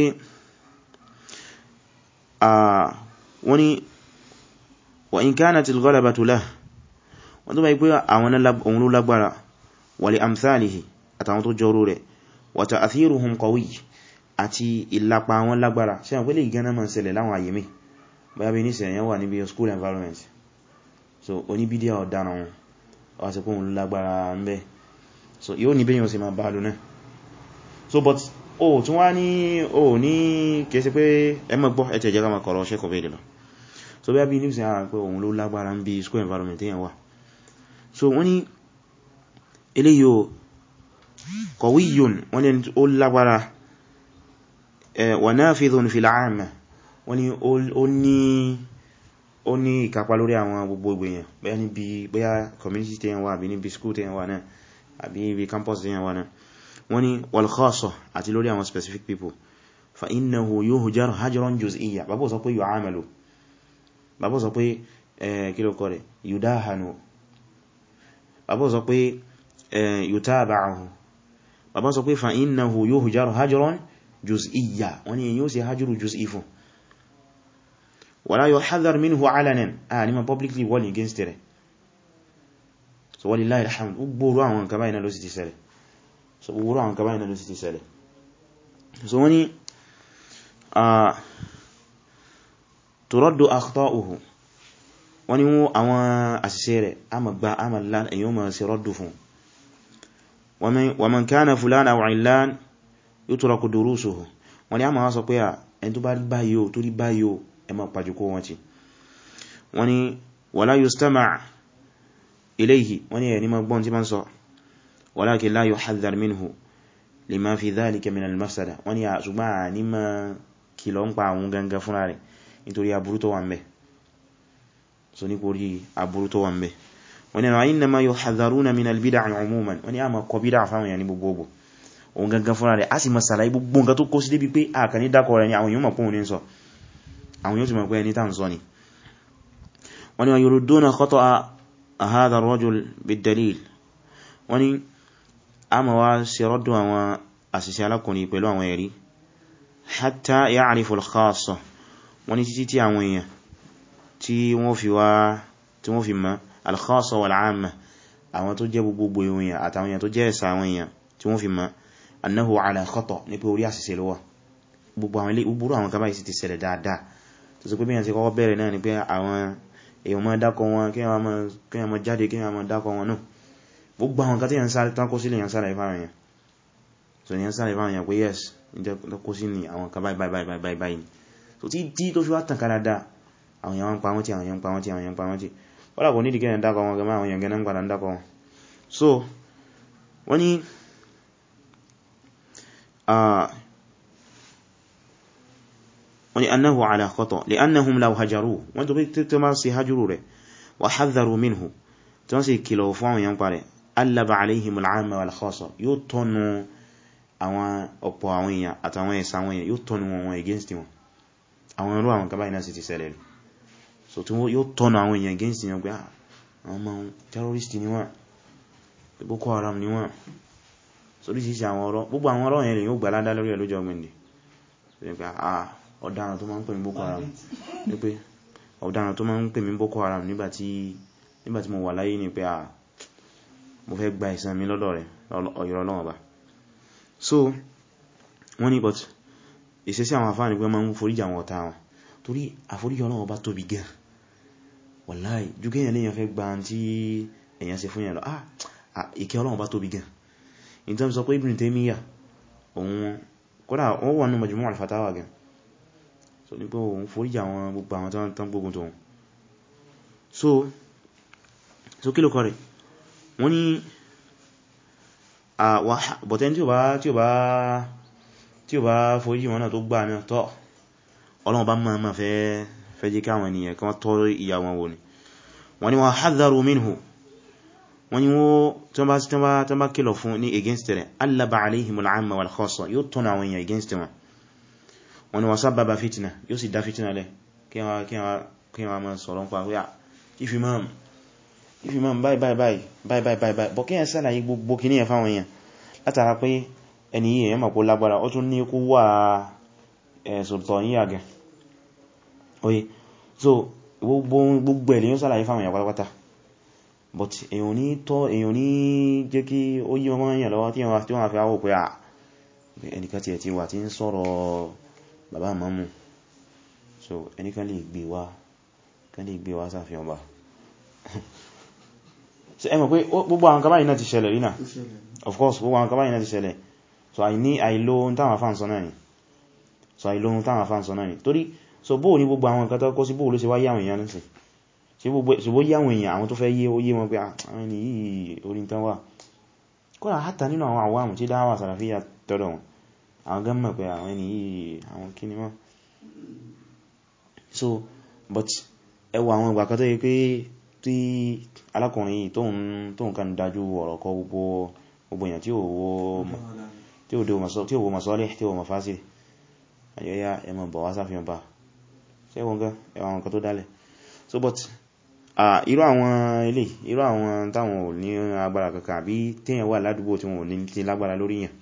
wọ́n ni wa in kanatil ghalabatu lahu wọ́n tó bá ipé àwọn ohun ló lágbára wa li amthalihi àtàwọn tó jọrú rẹ̀ wa ta'athiruhum qawi àti ìlapa wọn lágbára ṣe àwọn pẹ́lẹ̀ ìgánà mọ̀ ṣẹlẹ̀ láwọn àyèmí báyàbí nísẹ̀ èyàn wà níbi school environment so oníbídíà ọ̀dára wọn wà sí pún lágbára ń bẹ́ so yóò ní bíyàn sí ma bá lónà so but o tún wá ní o ní kẹsí pé ẹmọ gbọ́ ẹ̀tẹ̀ jẹ́ kama kọ̀rọ̀ ṣẹ́kọ̀ bẹ́ẹ̀ lọ so bí i níbi sára pé òun ló lágbára ń bí school environment èyàn wà so wọ́n ní eléyò kọ̀wíyùn wọ́n ní ó lágbára wà náà fi wọ́n ní ó ní ó ní ìkápá lórí àwọn gbogbo ìgbèyàn bóyá níbi bóyá community tí yẹn wà àbí níbi school tí yẹn wà náà àbí ibi campus tí wà náà wọ́n ní wal àti lórí àwọn specific people fa innahu yuhjar hajran juz'iyya bàbá sọ bàbá sọ pé kílòkọ rẹ̀ yudahanu fún wala yuhadhar minhu alanan a ní ma publicly wall against rẹ̀ so walillahi alhamd gbogbo àwọn nǹkan báyìí náà ló sì ti ṣẹlẹ̀ so gbogbo àwọn nǹkan báyìí náà ló sì ti ṣẹlẹ̀ so wani a turaddu akhta'uhu wani wo àwọn àṣìṣe rẹ̀ a ma gba a ma lan èyí ma ṣe rọ́dù fún wa man kana fulan aw wá sọ pé a ẹni tó bá báyìí o tó rí báyìí ẹmọ pàjúkó wọn ti wọ́n ni wala yustama ilayhi wọ́n ni ẹni mọ́gbọ́n tí ma ń sọ walakin la yuhadhar minhu lima fi dhalika min al-mafsada wọ́n ni a ṣùgbọ́n a ní ma kìlọ̀ ń pa àwọn gangan fúnra rẹ̀ nítorí aburú tó wà ń bẹ so nítorí aburú tó wà ń bẹ wọ́n ni àwọn yuhadharuna min al-bid'a umuman wọ́n ni a ma kọ bídà fáwọn yà ní gbogbogbò òun gangan fúnra rẹ̀ a sì ma sàlàyé gbogbo nǹkan tó a kàn ní dákọ̀ ni àwọn èèyàn mọ̀ pọ̀ ní sọ àwọn yóò ti mọ̀ pé ẹni tàn sọ ni wọ́n ni wọ́n yurudduna khata'a hadha ar-rajul bid-dalil wọ́n ni a ma wá ṣe rọ́dù àwọn àṣìṣe alákùnrin pẹ̀lú àwọn ẹ̀rí hatta ya'rifu al-khassa wọ́n ni títí tí àwọn èèyàn tí wọ́n fi wá gbogbo àwọn ilé gbogbo àwọn kan báyìí ti ṣẹlẹ̀ dáadáa tó sì pé bí yàn sí kọ́kọ́ bẹ̀rẹ̀ náà ni pé àwọn èèyàn máa dákọ wọn kí yàn máa jáde kí yàn máa dákọ wọn náà gbogbo àwọn kàtí yàn sáré tán kó sílẹ̀ yàn sáré fáwọn èèyàn so yàn sáré fáwọn èèyàn pé yes ìjẹ́ sí ni àwọn kan báyìí báyìí báyìí báyìí so tí tí tó fi wá tàn kánadá àwọn èèyàn pa wọ́n tí àwọn èèyàn pa wọ́n tí àwọn èèyàn pa wọ́n tí wọ́n làbọ̀ nídìí kẹ́yàn dákọ wọn gẹ́mọ́ àwọn èèyàn gẹ́nà ń padà ń dákọ wọn so wọ́n ni wọ́n ni annahu ala khata li'annahum law hajaru wọ́n tó bí tó máa ṣe hajjúrú rẹ̀ wa hadharu minhu tí wọ́n sì kìlọ̀ fún àwọn èèyàn parẹ̀ allaba alaihim al'amma wal khasa yóò tọ́nu àwọn ọ̀pọ̀ àwọn èèyàn àtàwọn ẹ̀sà àwọn èèyàn yóò tọ́nu wọn wọn against wọn àwọn irú àwọn kaba iná sì ti ṣẹlẹ̀ lù so ọ̀daràn tó máa ń pè mí Boko Haram ní pé ọ̀daràn tó máa ń pè mí Boko Haram nígbàtí nígbàtí mo wà láyé ní pé à mo fẹ́ gba ìsan mi lọ́dọ̀ rẹ̀ ọ̀yọ̀rọ̀ Ọlọ́run bá so wọ́n ní but ìṣesí àwọn àfáà ní pé máa ń foríjì àwọn wọn torí àforíjì ah ìkẹ́ Ọlọ́run bá tóbi gan in terms of pé Ibn Taymiyyah òun kódà wọ́n wà nù Majmu' al-Fatawa gan so ní pé òun foríjì àwọn gbogbo àwọn tán gbogbo tóun so so kí ló kọ́ rẹ̀ wọ́n ní àwọ̀bọ̀tẹ́ tí ó bá tí ó bá tí ó bá foríjì wọn náà tó gbà náà tọ́ ọlọ́run bá máa máa fẹ́ jẹ́ káwọn ènìyàn kan tọ́ ìyà wọn wò ni wọ́n ní wọ́n hadharu minhu wọ́n ní wọ́n tán bá bá kìlọ̀ fún ní against rẹ̀ allaba alaihimul amma wal khassa yóò tọ́nà àwọn èèyàn against wọn wọ́n ni wọ́n sábàbà fitna yóò sì dá fitna lẹ kí wọ́n máa sọ̀rọ̀ ń pa wíyà if imam if imam báyìí báyìí báyìí báyìí báyìí báyìí bọ̀ kí ẹ sálàyé gbogbo kí ní ẹ fáwọn èèyàn látara pé ẹni yìí èèyàn mọ̀pọ̀ lágbára ó tún ní kó wà sọ̀tọ̀ yí àgẹ̀ oye so gbogbo ẹ̀lẹ́ yóò sálàyé fáwọn èèyàn pátápátá but èèyàn ní tọ́ èèyàn ní jẹ́ kí ó yí ọmọ èèyàn lọ́wọ́ tí wọ́n fi àwọ̀ pé à ah, ẹnìkan ti ẹ̀ ti wà tí ń sọ̀rọ̀ bàbá àmọ́mù so ẹnìkan lè gbé wá kan lè gbé wá sáfihàn ọba so ẹmọ̀ pé gbogbo àwọn kàbáyìí náà ti ṣẹlẹ̀ rí náà of course gbogbo àwọn kàbáyìí náà ti ṣẹlẹ̀ so I àìní àìlò ohun táwọn afáàn sọ náà ni so àìlò ohun táwọn afáàn sọ náà ni torí so bóò ní gbogbo àwọn nǹkan tó kọ́ sí bóò ló ṣe wá yáwọn èèyàn lẹ́sì ṣe bó yáwọn èèyàn àwọn tó fẹ́ yé ó yé wọn pé ah, àwọn ènìyàn yìí orí tán wà kódà hátà nínú àwọn àwọ̀ àmù tí dáwà sàràfíà tọ́dọ̀ wọn àwọn gan mọ̀ pé àwọn ẹni yìí àwọn kíni mọ́ so but ẹwà àwọn ìgbà kan tó yẹ pé tí alákùnrin yìí tóhun kan dájú ọ̀rọ̀ kọ gbogbo èèyàn tí ò wo masọ́lẹ̀ tí ò wo mafásí àyọ́yá ẹmọ bọ̀ wá sáfihàn bá ṣẹ́wọ̀n gan ẹwà àwọn kan tó dálẹ̀ so but irú àwọn ilé irú àwọn táwọn ò ní agbára kankan àbí téèyàn wà ládùúgbò tí wọn ò ní lágbára lórí yàn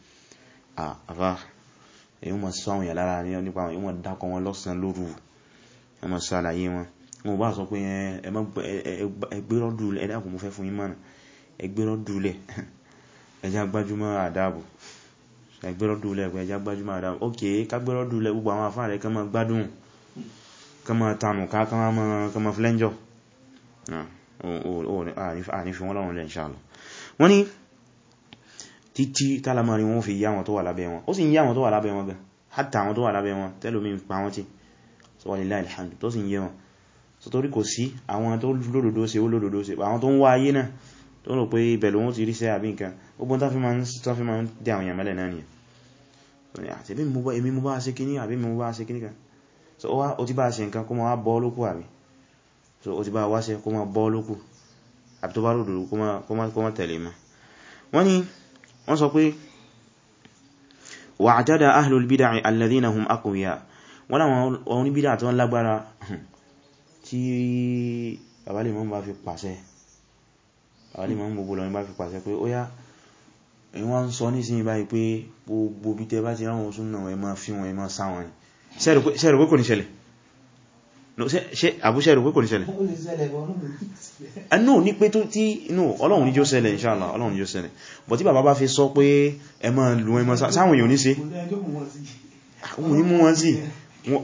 àfá èyí mọ̀ sọ àwọn èèyàn lára nípa àwọn èyí mọ̀ dákọ wọn lọ́sàn lóru ẹ mọ̀ sọ àlàyé wọn wọn bá sọ pé ẹgbẹ́rọ́dùlẹ̀ ẹ̀dàkùn mo fẹ́ fún yín mọ̀nà ẹgbẹ́rọ́dùlẹ̀ ẹjá gbájúmọ́ àdáàbò ẹgbẹ́rọ́dùlẹ̀ ẹjá gbájúmọ́ àdáàbò ok kágbẹ́rọ́dùlẹ̀ gbogbo àwọn afárẹ̀ kan máa gbádùn kan máa tanù ká kan máa flenjọ́ àní fi wọ́n lọ́rùn lẹ́ inshallah wọ́n ni títí tálámàrí wọn fi yá wọn tó wà lábẹ́ wọn ó sì ń yá wọn tó wà lábẹ́ wọn gan hátà wọn tó wà lábẹ́ wọn tẹ́lómi pa wọn tí so wà nílá ìlhàndù tó sì ń yé wọn so torí kò sí àwọn tó lódòdó ṣe ó lódòdó ṣe àwọn tó ń wá ayé náà tó rò pé ibẹ̀ lòun ti rí sẹ́ àbí nǹkan ogun tó fi máa ń dẹ àwọn èèyàn mẹ́lẹ̀ náà nìyẹn àti èmi mú bá ṣe kíní àbí mú ma wá wọ́n ni wọ́n sọ pé wa'tada ahlul bid'ah alladhina hum aqwiya wọ́n láwọn oníbídà tó ń lágbára hmm, tí bàbá lè mọ́ bá fi pàṣẹ bàbá lè mọ́ gbogbo lọ bá fi pàṣẹ pé ó yá ìwọ́n ń sọ ní sí báyìí pé gbogbo bí tẹ bá ti ráwọn súnnà ẹ ẹ ṣe àbúṣẹ́ rẹ̀ pé kò ní ṣẹlẹ̀ ah, no ní pé tó tí inú ọlọ́run ní jó ṣẹlẹ̀ inshallah ọlọ́run ní jó ṣẹlẹ̀ bọ̀ tí bàbá bá fi sọ pé ẹ máa lù ẹ máa sáwọn èèyàn ní ṣe òun ní mú wọn sí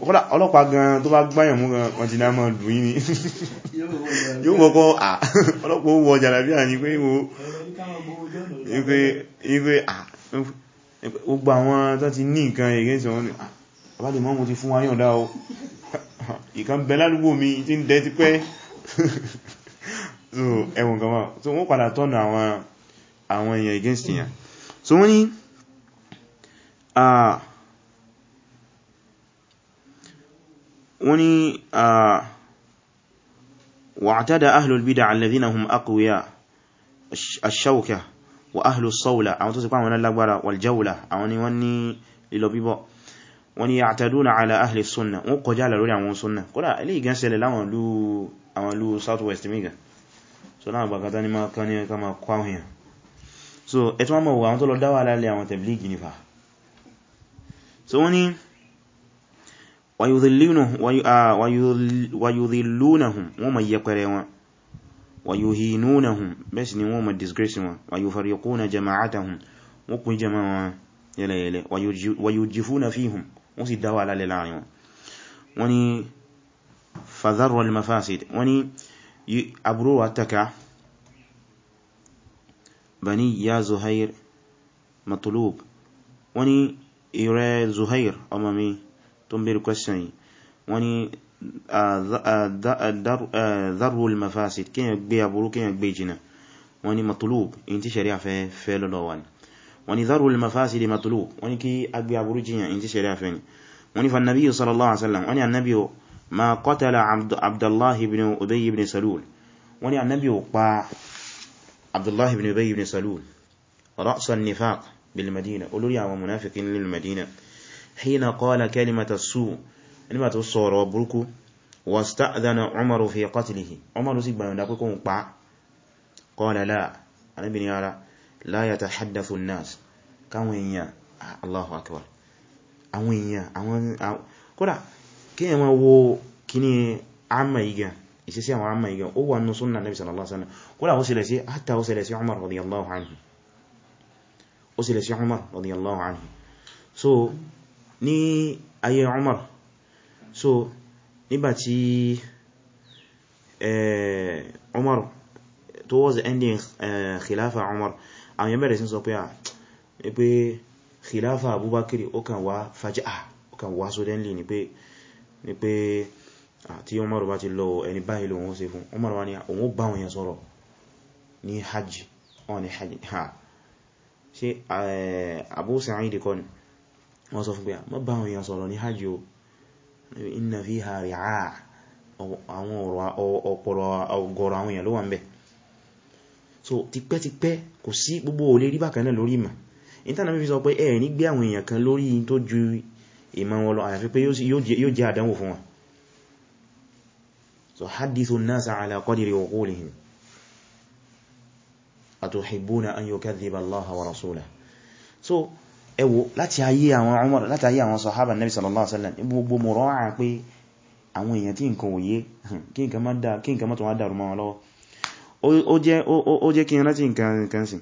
kọ́lá ọlọ́pàá gan tó bá gbáyàn mú gan wọ́n ti náà máa ni yóò kọ́kọ́ ah, ọlọ́pàá ìkan bẹ ládùúgbò mi tí ń dẹ́ ti pẹ́ so ẹwọ̀n kan wá so wọ́n padà tọ́nà àwọn àwọn èèyàn against èèyàn so wọ́n ní wọ́n ní wa'tada ahlul bid'a alladhina hum aqwiya ash-shawka wa ahlus sawla àwọn tó sì pa àwọn lágbára wal àwọn ni wọ́n ní lílọ bíbọ̀ wọ́n ni ya'taduna ala ahli sunna wọ́n kọjá àlà lórí àwọn sunna kódà ilé ìgán ṣẹlẹ̀ láwọn ìlú southwest miga so láwọn bàkátá ní máa kán ní ẹka máa kọ́ àwọn so ẹ̀tọ́ wọ́n mọ̀ àwọn tó lọ dáwà alálẹ̀ àwọn tẹ̀blígì nífà so wọ́n ni wayudhillunahum wọ́n ma wọ́n ma wọ́n sì dáwà alálẹ̀ láàrin wọn wọ́n ni fadharwa al-mafasid wọ́n ni àbúrò wa taka bani ya zuhair matulub wọ́n ni ìrẹ zuhair ọmọ mi tó ń bèèrè question yìí wọ́n ni dharwa al-mafasid kíyàn gbé àbúrò kíyàn gbé jìnà wọ́n ni matulub in ti ṣẹ̀rí wọ́n ní dharul mafasid matlub wọ́n ní kí agbé aburú jiyàn in ti ṣẹlẹ̀ afẹ́ ni wọ́n ní fannabi sallallahu alaihi wasallam wọ́n ní annabi o ma qatala abdullahi ibn ubay ibn salul wọ́n ní annabi o pa abdullahi ibn ubay ibn salul ra'san nifaq bil madina olórí àwọn munafiqin lil madina hina qala kalimata su nígbà tó sọ̀rọ̀ burúkú wasta'dhana umaru fi qatlihi umaru sì gbàyànda pé kóhun pa qala la annabi ni ara la yatahaddathu an-nas káwọn èèyàn Allahu akbar àwọn èèyàn àwọn kódà kí ẹ ma wo kí ní àmà igan ìṣẹ́sí àwọn àmà igan ó wà ní súnnà Nabi sallallahu alaihi wasallam kódà ó sílẹ̀ sí hatta ó sílẹ̀ sí Umar radiyallahu anhu ó sílẹ̀ sí Umar radiyallahu so ní ayé Umar so nígbàtí eh, Umar towards ending eh, khilafa Umar àwọn yẹn bẹ̀rẹ̀ sí sọ pé à ah, pé khilafa abubakiri ó kàn wá fajá ah, ó kàn wá sódẹ́nlì ni pé ni pé àti Umaru bá ti lọ ẹni báyìí lòun ó fún Umaru wá ní ah, òun ó yẹn sọ̀rọ̀ ní hajj wọn ni hajj ha ṣe Abu Sa'id kọ́ ni wọ́n sọ fún pé mọ́ bá wọn yẹn sọ̀rọ̀ ní hajj o inna fiha ri'a àwọn ọ̀pọ̀rọ̀ ọgọ̀rọ̀ àwọn èèyàn ló wà ń bẹ̀ so tipẹ́tipẹ́ kò sí gbogbo ò lè rí bákan náà lórí ìmọ̀ ìtànà mẹ́fí sọ pé ẹ̀ ní gbé àwọn èèyàn kan lórí tó ju ìmọ̀ wọn lọ àyàfi pé yóò jẹ́ àdánwò fún wọn so hadithu nasa ala qadri uqulihim atuhibbuna an yukadhiba allaha wa rasulahu so ẹwọ láti ayé àwọn Umar láti ayé àwọn sahaba nabi sallallahu alaihi wasallam gbogbo mọ̀rọ̀ àwọn pé àwọn èèyàn tí nǹkan òye kí nǹkan má dàrú mọ́ wọn lọ́wọ́ ó jẹ́ kí n rántí nǹkan sí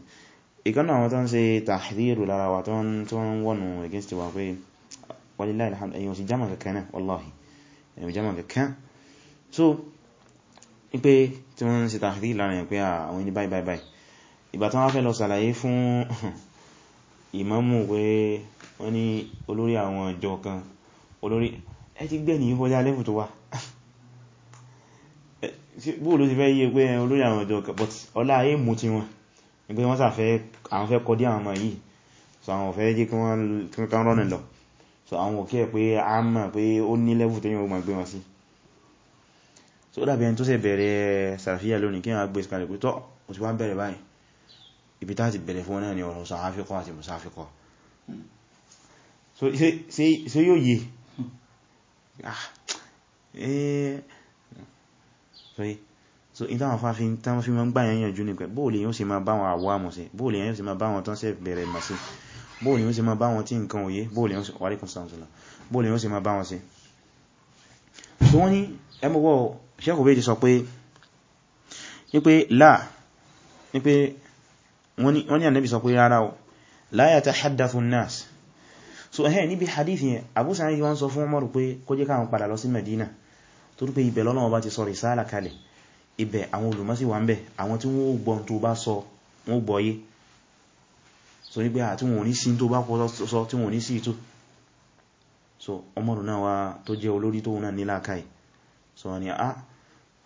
ìkánà àwọn tó ń ṣe tàhírù lára wà tó ń wọ́nù against wa pé walillahi alhamd èyàn sí jama kankan náà wallahi èyàn jama kankan so ní pé tí wọ́n ń ṣe tàhírù lára yẹn pé àwọn ẹni báyìí báyìí ìgbà tán wá fẹ́ lọ sàlàyé fún ìmámù pé bóò ló ti fẹ́ yíye pé olórí àwọn ọjọ́ but ọlá ayé mú ti wọn ní pé wọ́n sàfẹ́ àwọn fẹ́ kọdí àwọn ọmọ yìí so àwọn fẹ́ jí kí wọ́n kán rọ́nà lọ so àwọn òkè pé a mọ̀ pé ó ní level tẹ́yìn ogun gbé wọn sí so ó dàbí ẹni tó ṣe bẹ̀rẹ̀ sàfíà lónìí kí wọ́n gbé ìsìkalẹ̀ e pé tọ́ ó ti wá bẹ̀rẹ̀ báyìí ibi tá ti bẹ̀rẹ̀ fún náà ni ọ̀rọ̀ sàáfíkọ́ àti mùsáfíkọ́ so ṣe yóò yé hmm. ah, eh, sọ́yí so in táwọn fáfí tán fi máa ń gbáyàn yànjú ní pé bóòlì yóò ṣe máa bá wọn àwọ́ àmọ̀ sí bóòlì yóò ṣe máa bá wọn tán sẹ́ bẹ̀rẹ̀ mà sí bóòlì yóò ṣe máa bá wọn tí nǹkan òye bóòlì yóò ṣe máa bá wọn sí so wọ́n ní ẹmọ́wọ́ ṣẹ́kùnbéjì sọ pé ní pé láà ní pé wọ́n ní ànẹ́bì sọ pé rárá o la yatahaddathu an-nas so ẹ̀hẹ́ níbi hadith yẹn Abu Sa'id wọ́n sọ fún Umar pé kó jẹ́ káwọn padà lọ sí Medina torí pé ibẹ̀ lọ́nà ọba ti sọ rìsáàlà kalẹ̀ ibẹ̀ àwọn olùmọ́sí wà ń bẹ̀ àwọn tí wọ́n gbọ́n tó bá sọ wọ́n gbọ́yé so ní pé àti wọn ò ní sí tó bá pọ́ tí wọn ní sí ìtò so Umaru náà wá tó jẹ́ olórí tóun so ni a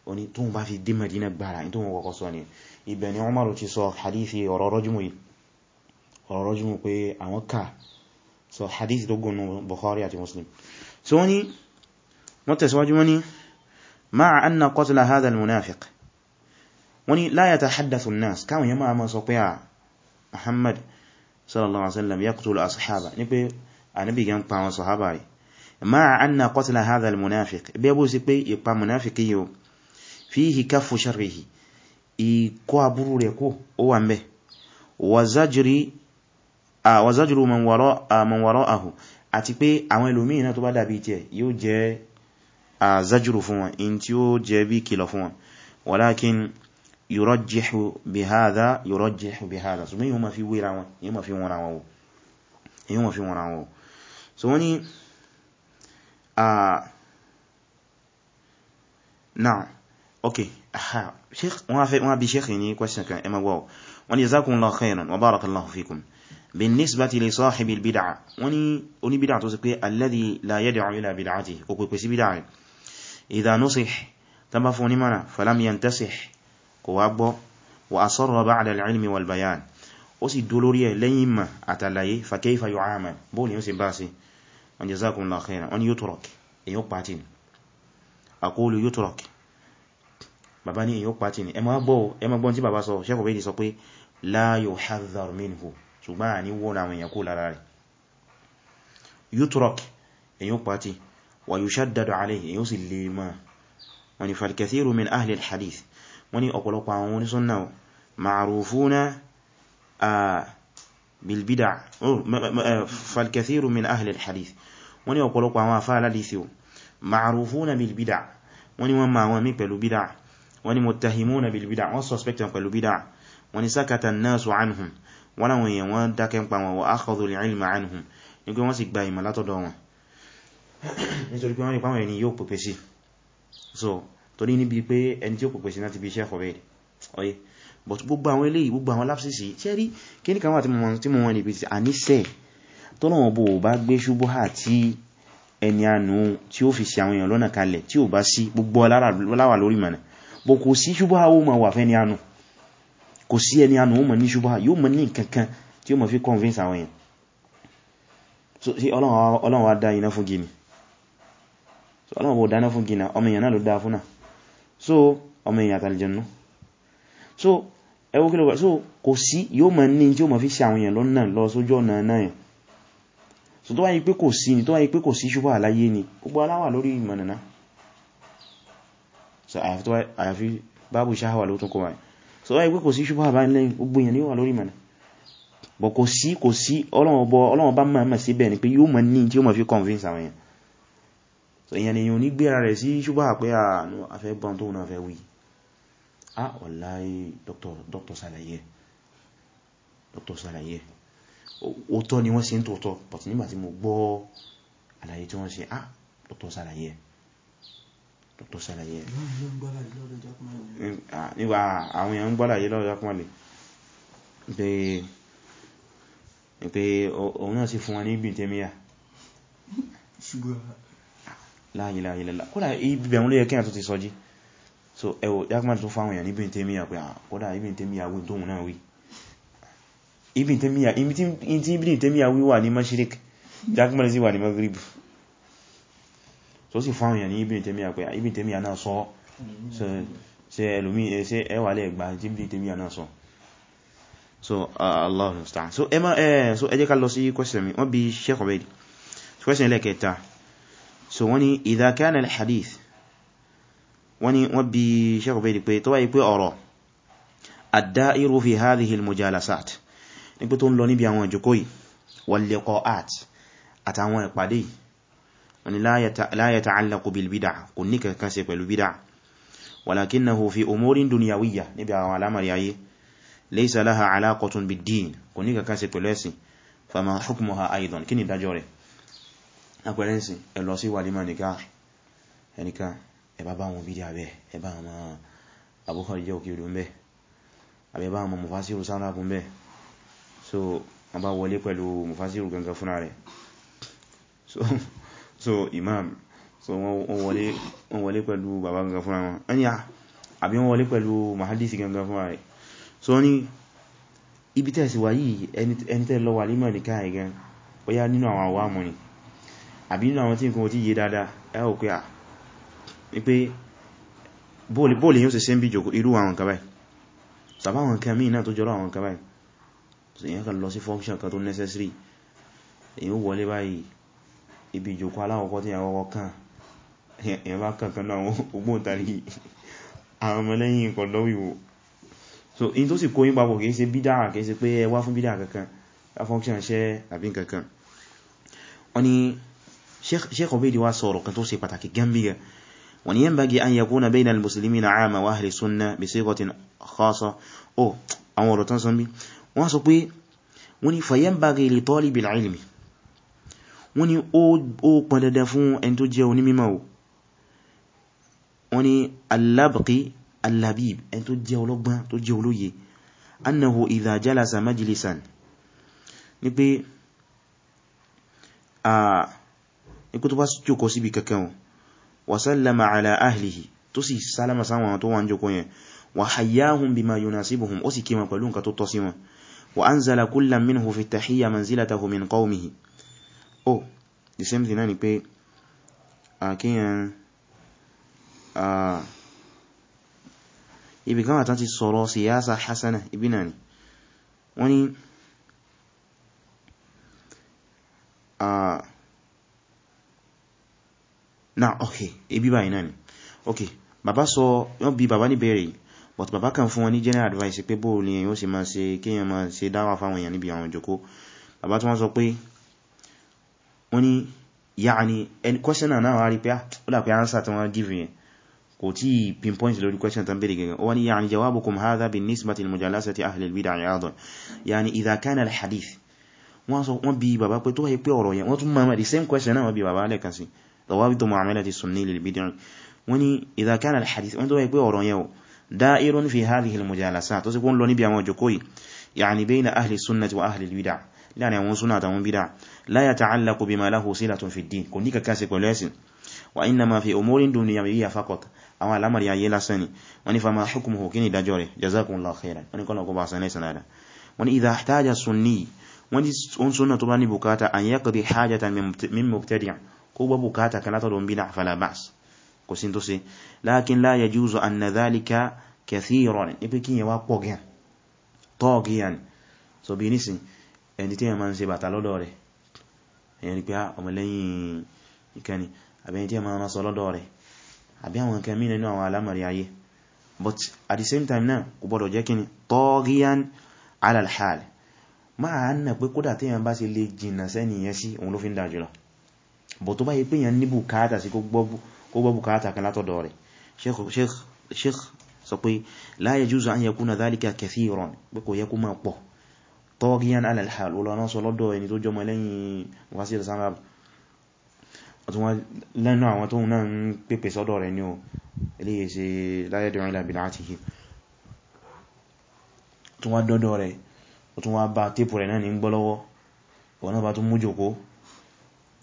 oní tóun bá fi dé Madina gbára ní tóun kọ́kọ́ sọ ni ni Umaru ti hadithi ọ̀rọ̀ rọ́júmù yìí ọ̀rọ̀ rọ́júmù so hadithi tó gùn Bukhari àti Muslim so wọ́n ni wọ́n tẹ̀síwájú wọ́n ni مع أن قتل هذا المنافق وني لا يتحدث الناس كانوا يما ما سوقيا محمد صلى الله عليه وسلم يقتل أصحابه نبي النبي كان قام صحابه مع أن قتل هذا المنافق بيبو سيبي يبقى منافقي فيه كف شره iko aburu re ko o wa nbe wa zajri a wa zajru man wara man waraahu àti pé àwọn ẹlòmí náà tó bá dàbí tiẹ̀ yóò jẹ́ azajru fún wọn in tí ó jẹ́ bí kìlọ̀ fún wọn walakin yurajjihu bi bihadha yurajjihu bi bihadha so mi huma fi wira wọn yíò ma fi wọ́n ra wọn wò ma fi wọ́n ra wọn so woni a na okay aha sheikh wọ́n bí sheikh ní question kan ẹmọ wọ́n wọ́n ni jazakumullahu khairan wa barakallahu fikum بالنسبة لصاحب البدعة وني أني بدعة تسكي الذي لا يدعو إلى بدعته أو كيكوسي بدعة idha nusih tán bá fún onímọ̀nà falam yantasih kò wá gbọ́ wa asarra ba'da al-ilmi wal bayan ó sì dó lórí ẹ̀ lẹ́yìn mà àtàlàyé fa kayfa yu'amal bó ni ó sì bá sí wọn jazakumullahu khairan wọn ni yutrak èyàn pàtì ni aqulu yutrak bàbá ní wọ́n àwọn èyàn ويشدد عليه يصلي ما وني فالكثير من أهل الحديث وني أقلق عوني سنة معروفون بالبدع فالكثير من أهل الحديث وني قاموا عوان فالديث معروفون بالبدع وني وما ومي بلو وني متهمون بالبدع وصوصبكتهم بلو بدع وني سكت الناس عنهم ولو يوان داكم وأخذوا العلم عنهم يقول واسك بايما لا تدوما nítorí pé wọ́n ní pàwọn ẹni yóò pẹ̀pẹ̀ sí so torí níbi pé ẹni tí ó pẹ̀pẹ̀ sí láti bí iṣẹ́ ọ̀rẹ́ rẹ̀ ọ̀yẹ́ but gbogbo àwọn eléyìí gbogbo àwọn lápsìsì ṣe rí kí ní kan wà tí mo wọ́n níbi àníṣẹ́ tọ́lọ̀wọ̀n bó bá gbé ṣubú hà tí ẹni àánú tí ó fi ṣe àwọn èèyàn lọ́nà kalẹ̀ tí ó bá sí gbogbo aláwà lórí mọ̀nà bó kò sí ṣubú hà ó ma wà fẹ́ ni àánú kò sí ẹni àánú ó ma ní ṣubú hà yóò ma ní kankan tí ó ma fi convince àwọn èèyàn so sí ọlọ́run wá dá iná fún gini ọlọ́wọ́ bó dáná fún gina ọmọ èèyàn náà ló dáa fúnà so ọmọ èèyàn àtàlìjẹ̀nú so ẹwọ́ kílò so kò sí yóò mọ̀ ní tí ó mọ̀ fi ṣe àwọn èèyàn lọ́nà lọ sójú ọ̀nà náà so tó wáyé pé kò sí ni tó wáyé pé kò sí ṣubá àláyé ni gbogbo aláwà lórí ìmọ̀nà so àyàfi báàbù ṣáhàwà ló tún kó wáyé so wáyé pé kò sí ṣubá àbá lẹ́yìn gbogbo èèyàn ni ó wà lórí ìmọ̀nà bọ̀ kò sí kò sí ọlọ́wọ́ bá mọ̀ sí bẹ́ẹ̀ ni pé yóò mọ̀ ní tí ó mọ̀ fi convince àwọn èèyàn so ìyẹn ni yíò ní gbéra rẹ̀ sí ṣúgbà pé àánú afẹ́ bọ́n tó náà fẹ́ wí a wallahi dr salaye òótọ́ ni wọ́n ṣe ń tòótọ́ but nígbà tí mo gbọ́ àlàyé tí wọ́n ṣe a dr salaye dr salaye nígbà àwọn èèyàn ń gbọ́láyé lọ́dọ̀ jákùnmọ́lẹ̀ pé òun náà sì fún wọn ní Ibn la ilaha illallah kódà ibìbẹ̀rún ló yẹ kíyàn tó ti sọjí so ẹwọ yakman tó fáwọn èèyàn níbi tèmíyà pé ah, kódà ibi tèmíyà wí tóhun náà wí ibi tèmíyà ibi tèmíyà wí wà ní mashirik yakman sí wà ní maghrib so sì fáwọn èèyàn ní ibi tèmíyà pé ibi tèmíyà náà sọ ṣe ẹlòmí ṣe ẹwà lẹ́ gbà tí ibi tèmíyà náà sọ so Allah musta'an so ẹ jẹ́ ká lọ sí question mi wọ́n bí Sheikh Obedi question ẹlẹ́kẹta so wọ́n ni idha kana al-hadith wọ́n ni wọ́n bí sẹ́kù bẹ́ẹ̀ pé tó wáyé pé ọ̀rọ̀ ad-da'iru fi hadhihi al-mujalasat ní pé tó ń lọ níbi àwọn ìjókòó yìí wal-liqa'at àtàwọn ìpàdé yìí wọ́n ni la yata'allaqu bil-bid'a kò ní kankan ṣe pẹ̀lú bid'a walakinahu fi umurin dunyawiyya lápẹẹrẹ ń sìn ẹ̀lọ sí wàlímà nìkan ẹnìkan ẹ̀bá bá wọn bídí abẹ́ ẹ̀bá wọn abúkọ̀lì jẹ́ òkè olóńbẹ́ àbẹ́bá wọn mufasiru sáàràbùn bẹ́ so wọ́n bá wọlé pẹ̀lú mufasiru gangan fúnra rẹ̀ so imam so wọ́n wọlé pẹ̀lú bàbá gangan fúnra wọn ẹni àbí wọ́n wọlé pẹ̀lú mahadisi gangan fúnra rẹ̀ so ní ibi tẹ́ẹ̀sì wáyìí ẹni tẹ́ẹ̀ lọ wàlímà nìkan ẹ̀gẹ́ bóyá nínú àwọn àwọ̀ àmọ́ ni àbí inú àwọn tí nǹkan ò tí yé dáadáa ẹ ò pé à ní pé bóòlì yóò sì ṣe ń bí jòkó irú àwọn nǹkan báyìí tàbí àwọn nǹkan míì náà tó jọrọ àwọn nǹkan báyìí so èyàn kan lọ sí function kan tó necessary èyàn ó wọlé báyìí ibi ìjòkó aláwọ̀kọ́ tí àwọn kan èyàn so in tó sì kó yín papọ̀ kìí ṣe bídáà kìí ṣe pé ẹ wá fún bídáà kankan function ṣẹ́ wọ́n ni sheikh obedi wa sọ̀rọ̀ kan tó ṣe pàtàkì gambiga wọ́n ni yanbaghi an yakuna bayna al-muslimina 'amma wa ahli sunna bi sighatin khassa o àwọn ọ̀rọ̀ tán sọ bí wọ́n sọ pé wọ́n ni fa yanbaghi li talibil ilmi wọ́n ni ó pọn dandan fún ẹni tó jẹ́ onímímọ̀ o wọ́n ni al-labqi al-labib ẹni tó jẹ́ ọlọ́gbọ́n tó jẹ́ olóye annahu idha jalasa majlisan ni pé ah ní kó tó bá jókó síbi kankan wa sallama ala ahlihi tó sì sálama sáwọn tó wà ń jókó yẹn wa hayyahum bima yunasibuhum ó sì kí wọn pẹ̀lú nǹkan tó tọ́ sí wọn wa anzala kullam minhu fi tahiyya manzilatahu min qawmihi oh the náà ok ebi báyìí náà ni ok bàbá sọ yọ́n bí bàbá ní bẹ̀rẹ̀ but bàbá kan fún wọn ní general advice pé bóò ni èyàn ó sì máa ṣe kíyàn máa ṣe dáwà fáwọn èèyàn níbi àwọn ìjòkó bàbá tí wọ́n sọ pé wọ́n ni ya'ni ẹni question náà wá rí pé ah, ó dà pé answer tí wọ́n give yẹn kò tí pinpoint lórí question tán bèèrè gẹ̀gẹ̀ wọ́n ni ya'ni jawabukum hadha bin nisbati mujalasati ahli al-bid'a ayadun ya'ni idha kana al-hadith wọ́n sọ wọ́n bi bàbá pé tó wáyé pé ọ̀rọ̀ yẹn wọ́n tún máa the same question náà wọ́n bi bàbá lẹ́ẹ̀kan sí ضوابط معاملة السني للبدع وني إذا كان الحديث وانتو يقول أورون يو دائر في هذه المجالسات وسيكون لوني بيامو جوكوي يعني بين أهل السنة وأهل البدع لأن يوم سنة ومن بدع لا يتعلق بما له صلة في الدين كونيك كاسك وليسن وإنما في أمور دنيوية فقط أو الأمر يعي لسني وني فما حكمه كني دجوري جزاكم الله خيرا وني كنا قبع سنيسن هذا وني إذا احتاج السني وني سنة تباني بكاتا أن يقضي حاجة من مبتدع kó gbọ́ bukata kan látọ̀dọ̀ bí náà fala ba'as kò sí tó sí lakin la yajuzu anna dhalika kathiran ní pé kíyàn wá pọ̀ gíyàn tọ́ọ̀gíyàn so bí nísìn ẹni tí yàn máa ń ṣe bàtà lọ́dọ̀ rẹ̀ èyàn rí pé ah, ọmọlẹ́yìn ìkẹni àbẹ́yìn tí yàn máa sọ lọ́dọ̀ rẹ̀ àbí àwọn but at the same time náà kò gbọ́dọ̀ jẹ́ kíni tọ́ọ̀gíyàn ala al-hal máa ń nà pé kódà tí yàn bọ̀ tó bá yẹ pé yẹn ní bùkátà sí kó gbọ́ bùkátà kan látọ̀dọ̀ rẹ̀ sheikh sọ pé la yajuzu an yakuna dhalika kathiran pé kò yẹ kó máa pọ̀ tọ́gíyàn ala al-hal olóòrán sọ lọ́dọ̀ ẹni tó jọmọ lẹ́yìn Wasila Samab lẹ́nu o eléyè ṣe la yad'u ila bid'atihi tún wá dọ́dọ̀ rẹ̀ tún wá bá tépù rẹ̀ náà ní gbọ́lọ́wọ́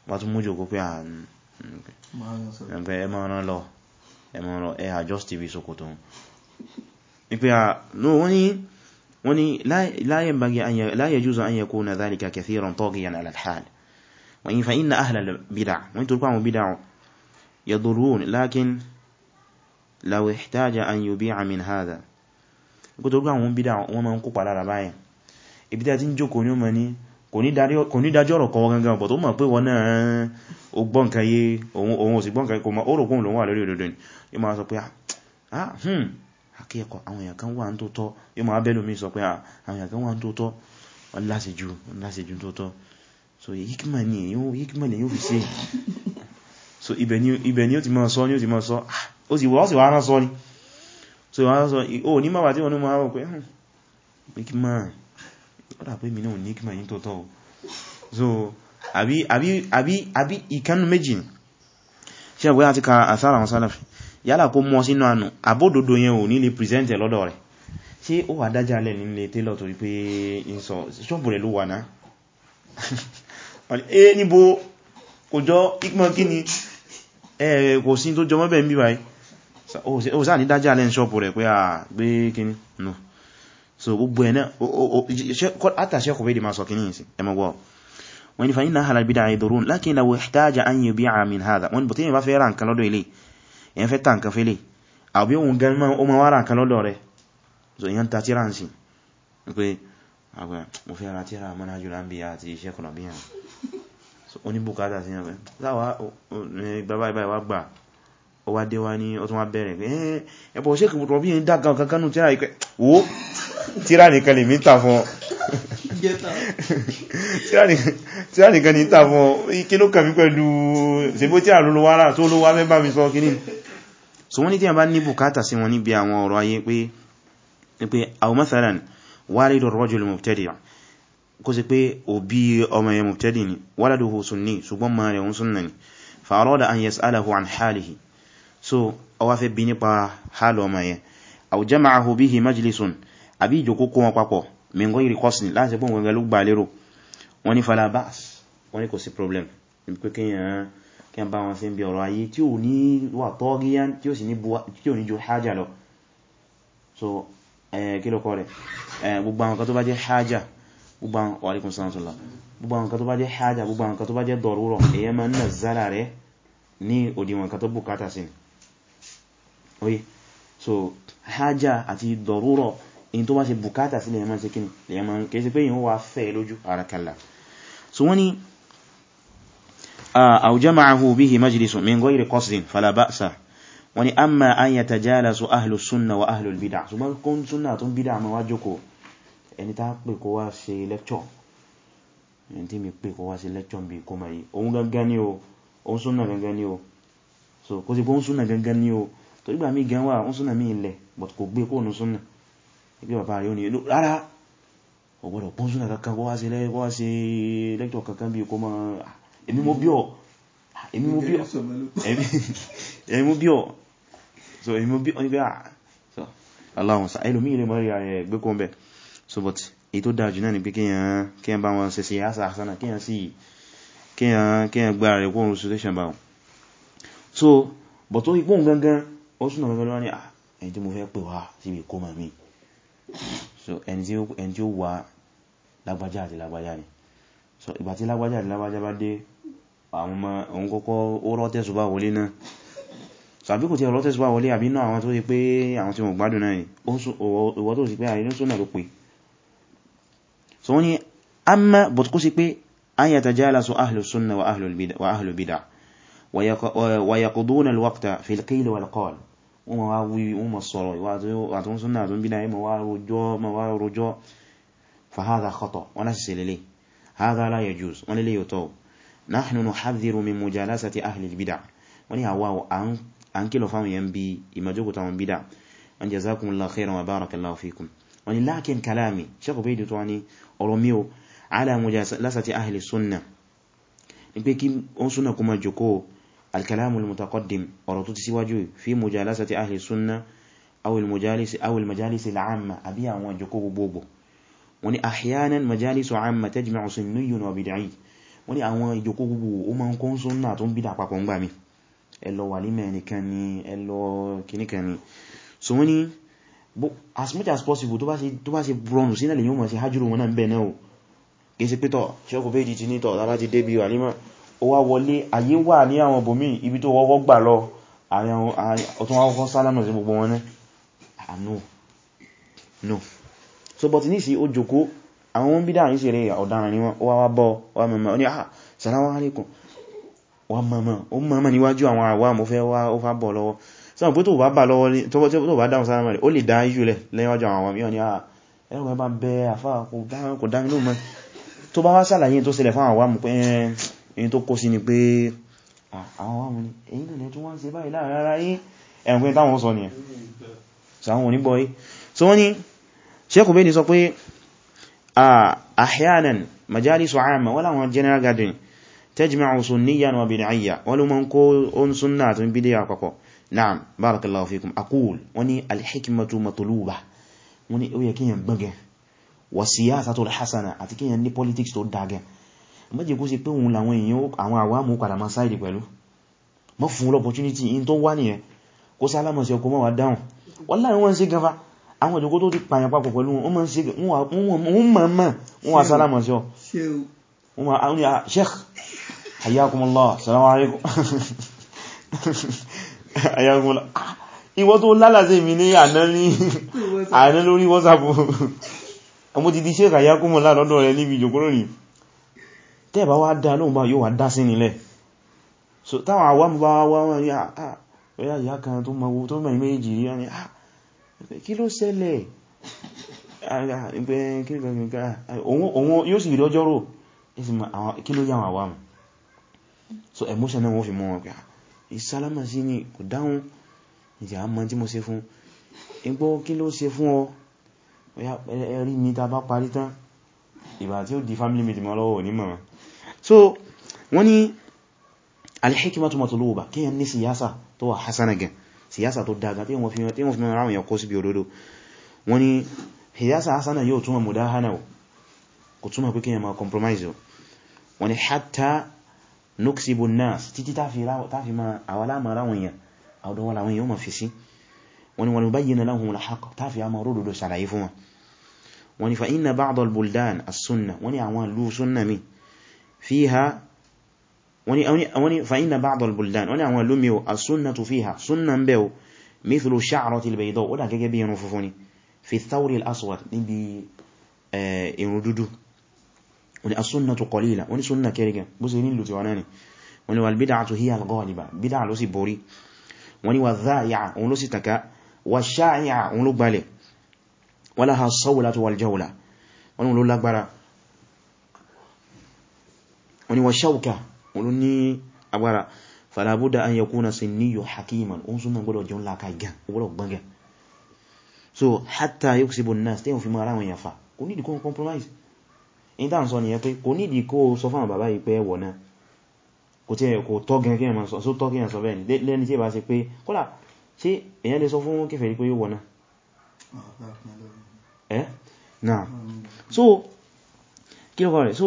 bá tún mújò kó pé ẹ máa rán lọ ẹ máa rán ẹ adjust ibi ṣòkòtò ipe a no wani wani layan bagi la yajuzu an yakuna dhalika kathiran taghiyan ala alhal wa in fa inna ahla albid'a wani turpa mu bid'a yadurun lakin law ihtaja an yubi'a min hadha ko wọ́n bid'a wọ́n kò ní dájọ́ ọ̀rọ̀ kan wọ́n gangan bọ̀ tó mọ̀ pé wọ́n náà ó gbọ́ nǹkan yé òun ò sì gbọ́ nǹkan kò mọ̀ ó rògbóhùn lòun wà lórí ni yóò máa sọ pé ah, ah hmm akẹ́ẹ̀kọ́ àwọn èèyàn kan wà ń tó tọ́ yóò máa bẹ́lú mi sọ pé ah, àwọn èèyàn kan wà ń tó tọ́ láṣejù láṣejù tó tọ́ so hikima ni hikima ni yóò fi ṣe so ibẹ̀ ni ó ti máa sọ ni ó ti máa sọ ah, ó sì wọ́n sì wá rán sọ ni so wọ́n sọ ó ní máa wà tí wọ́n ní máa rọ̀ pé hmm, hikima ó dà pé mi náà ní kíma yìí tó tọ́ so àbí àbí àbí àbí ìkanu méjì ṣe àgbé àti ka àsára àwọn sálàfì yálà kó mọ́ sínú ànù àbódòdó yẹn ò ní lè present ẹ̀ lọ́dọ̀ rẹ̀ ṣé ó wà dájá alẹ́ nílé télọ̀ torí pé ń sọ ṣọ́bù rẹ̀ ló wà náà ẹ eh, níbo kò jọ ikmọ̀ kí ni ẹ eh, kò sí tó ah, no so gbogbo ẹ̀ náà àtàṣẹ́ kò fèdè máa sọ kìíní sí ẹmọgbọ́ wọ́n ni fa inna ahlal bid'a yadurun lakin law ihtaja an yubi'a min hadha wọ́n ni bọ̀tí yìnbá fẹ́ ra nǹkan lọ́dọ̀ ilé ẹ̀yẹn fẹ́ ta nǹkan fẹ́lẹ̀ àbí òun gan ma ó ma wá ra nǹkan lọ́dọ̀ rẹ̀ so ìyẹn ta tíra ń sí pé àgbẹ̀ mo fẹ́ ra tíra manhajul anbiya àti iṣẹ́ kọ̀nà bí hàn so ó sí ẹgbẹ́ láwa bàbá ìbá ìwà gbà ó wá dé wá ní ó tún wá bẹ̀rẹ̀ pé ẹ̀bọ̀ tíra nìkan lè mítà fún tíra nìkan ní tà fún ike ló kàmí pẹ̀lú ṣebó tíra ló lówárà tó lówá mẹ́bà mi sọ kìíní so wọ́n ní tí a bá ní bùkátà sí wọn níbi àwọn ọ̀rọ̀ ayé pé aw mathalan walidu rajul mubtadi' kó sì pé òbí ọmọ yẹn mubtadi' so ọwá fẹ́ bí nípa hálọ̀ ọmọ yẹn aw àbí ìjòkó kó wọn papọ̀ mẹ́ngọ́ yìí kọ́sìn láti pọ̀ gẹ́gẹ́ ló gbà lérò wọ́n ní falabas wọ́n ní kò sí problem ní pé kíyàn bá wọn sí bí ọ̀rọ̀ ayé tí ò ní wà tọ́gíyàn tí ò ní ju hajjá lọ so kí ló kọ́ rẹ̀ gbogbo àwọn kan tó bá jẹ́ hajjá gbogbo àwọn kan tó bá jẹ́ hajjá gbogbo àwọn kan tó bá jẹ́ dọ̀rúrọ̀ èyẹ ma ń nà zára rẹ̀ so hajjá àti dọ̀rúrọ̀ in tó bá ṣe bùkátà sí lèyàn máa ṣe kíni lèyàn máa kèsí pé yíò wá fẹ́ lójú àrakàlà so wọ́n ni aw jama'ahu bihi majlisun min ghayri qasdin fala ba'sa wọ́n ni amma an yatajalasu ahlu sunna wa ahlu bid'a ṣùgbọ́n kún sunna tún bid'a ma wá jókòó ẹni tá pè kó wá ṣe lecture ẹni tí mi pè kó wá ṣe lecture bí kó ma yí òun gangan ni o òun ni o so kó sì pé òun sunna gangan ni o torí gbà mí gan wà òun sunna ibi bàbá rẹ̀ ní inú rárá ọgbọ̀dọ̀ pọ́n súnà kankan kó wá sí lẹ́kọ̀ọ́ kankan bí kó máa èmi mo bí ọ̀ èmi mo bí ọ̀ èmi mo bí ọ̀ so èmi mo bí ọ̀ nígbà ah, so aláwọn sa ẹlòmí ilé mọ́rí ààrẹ gbé so but èyí tó dáa jù ni pé kíyàn bá wọn sẹsẹ àṣà àṣánà kíyàn sí kíyàn gbá rẹ̀ kó so but ó ipò gangan ó súnà gangan ah ẹni tí mo fẹ́ pè wá síbi so ẹni tí ó wà lágbájá àti lágbájá ni so ìgbà tí lágbájá àti lágbájá bá dé àwọn ọmọ òun kọ́kọ́ ó rọ́tẹ̀sùbá wọlé náà so àbí kò tí rọ́tẹ̀sùbá wọlé àbí náà àwọn tó ti pé àwọn tí wọ́n gbádùn náà so wọ́n ni amma but kó sí pé an yatajalasu ahlu sunna wa ahlu bid'ah wa yaqduna al wọ́n ma wá wí wọ́n ma sọ̀rọ̀ ìwàtún súnnà àtún bídá yí ma wá rojọ́ fahadha khata wọ́n láti sẹ̀lẹ̀lẹ̀ hadha la yajuz wọ́n lè yóò tọ́ nahnu nuhadhdhiru min mujalasati ahli al-bid'ah wọ́n ni àwọ̀ à ń kìlọ̀ fáwọn yẹn bí ìmọ̀jókòtà wọn bídá wọ́n jazakumullahu khairan wa barakallahu fikum wọ́n ni lakin kalami Shaykh Ubayd mi o ala mujalasati ahli sunnah الكلام المتقدم أرطوت سواجه في مجالسة أهل السنة أو المجالس أو المجالس العامة أبيع وانجكوه بوبو وني أحيانا مجالس عامة تجمع سني وبدعي وني أوان يجكوه بوبو ومن كون سنة تنبدع قاقون بامي ẹlọ wàlímẹ̀ nìkan ni ẹlọ kìníkan ni so wọ́n ni as much as possible tó bá ṣe rọrùn sínà lè yíò mọ̀ sí hajjúrò wọn náà ń bẹ̀ náà o kìí sí pẹ́tọ̀ ṣọ́kù péjì ti nítọ̀ lára ti débí wàlímẹ̀ ó wá wọlé ayé wà ní àwọn bòmí ibi tó wọ́wọ́ gbà lọ ọ̀tún wọ́n kọ́ sálámù sí gbogbo wọn ní àánú ah, no so but ní sí ó jòkó àwọn wọn bídá ní sèré ọ̀daràn ni wọ́n wá wá bọ́ wá mọ̀mọ̀ ó ní ah salamu alaikum wá mọ̀mọ̀ ó mọ̀mọ̀ níwájú àwọn àwà mo fẹ́ wá ó fá bọ̀ lọ́wọ́ sọ́nà pé tó bá bá lọ́wọ́ tó bá dáhùn sálámù ah ẹ̀rọ bá bẹ àfáà kò dáhùn kò dáhùn lóòmọ́ tó bá wá sàlàyé tó ṣẹlẹ̀ fún àwọn àwà mo ẹ̀ẹ́ èyí tó kó sí ni pé àwọn àwọn ni èyí lẹ́lẹ́ tó wọ́n ṣe báyìí láàrin ara yí ẹ̀rùn táwọn sọ nìyẹn sàwọn onígbọ́ yí so wọ́n ni Sheikh Ubaydi sọ pé ahyanan majalisu amma wọ́n láwọn general garden tajma'u sunniyan wa bid'iyya wọ́n ló mọ́ kó on sunna àti bid'iyya àpapọ̀ na'am barakallahu fikum aqul ni politics tó dágẹ̀ mọ́jẹ̀ kó ṣe pé òun làwọn èèyàn àwọn àwámú padà máa sáìdì pẹ̀lú mọ́ fún l'opportunity in tó wá nìyẹn kó sálámọ̀ sí ọkọ̀ mọ́wàá dáhùn wọ́n láàrin wọ́n sí gafa àwọn ìjọkó tó ti pààyàn papọ̀ pẹ̀lú wọn mọ́ wọn sálámọ̀ sí ọ ah, sheikh hayyakumullah assalamu alaikum hayyakumullah ah, ìwọ tó lálàzẹ̀ mi ní àná tẹ́ẹ̀bá wá dá lóhun bá yóò wá dá sí nílẹ̀ so táwọn àwọn bá wá wọ́n ní àà ìyá kan tó mọ̀ tó mẹ́ méjì rí wọ́n ní àà ah, kí ló ṣẹlẹ̀ ah, òun yóò sì rí ọjọ́ rò so emotion náà wọ́n fi mọ́ wọn pé ah, ìsálámà ni kò dáhùn ìjà mọ́ tí mo ṣe fún igbó kí ló ṣe ó di family meeting lọ́wọ́ onímọ̀ so wọ́n ni alhikimatu matuluba kí yẹn ní siyasa tó wà hasana gan siyasa tó dága tí wọ́n fi mọ́ ráwọn yàkó sí bí òdodo wọ́n ni siyasa hasana yóò túnmọ̀ mudahana kò túnmọ̀ pé kí yẹn ma compromise wọ́n ni hatta nuksibu nas títí táfi ma àwàlámà ráwọn yàn àwọ̀dọ́wọ́ làwọn yóò ma fi sí wọ́n ni wọ́n bayyana lahum al-haqq táfi a ma ródòdó sàlàyé فيها وني أوني أوني فإن بعض البلدان وني أولو لميو السنة فيها سنة بيو مثل شعرة البيضاء ولا كجبي ينففوني في الثور الأسود نبي ينوددو آه وني السنة قليلة وني سنة كريجة بسنين لتواناني وني والبدعة هي الغالبة بدعة لسي بوري وني والذائعة ونلسي تكا والشائعة ونلقبالي ولها الصولة والجولة ونلقبالي wọ́n ni wọ́n ṣáwùká wọ́n ní agbára falabuda an yakuna sinniyu hakiman oun sunan gbọ́dọ̀ jẹun láka igan gbọ́dọ̀ gbọ́ngẹ so hatta yuksibu nas tí yíò fi mara àwọn yafa kò nídi kó compromise in ta n sọ nìyẹn pé kò nídi kó sọ fún bàbá yìí pé ẹwọ̀ náà kò tí ni lẹ́ni tí ìbá ṣe pé kódà ṣé èyàn lè ah, eh? so kí lọ́kọ̀ rẹ̀ so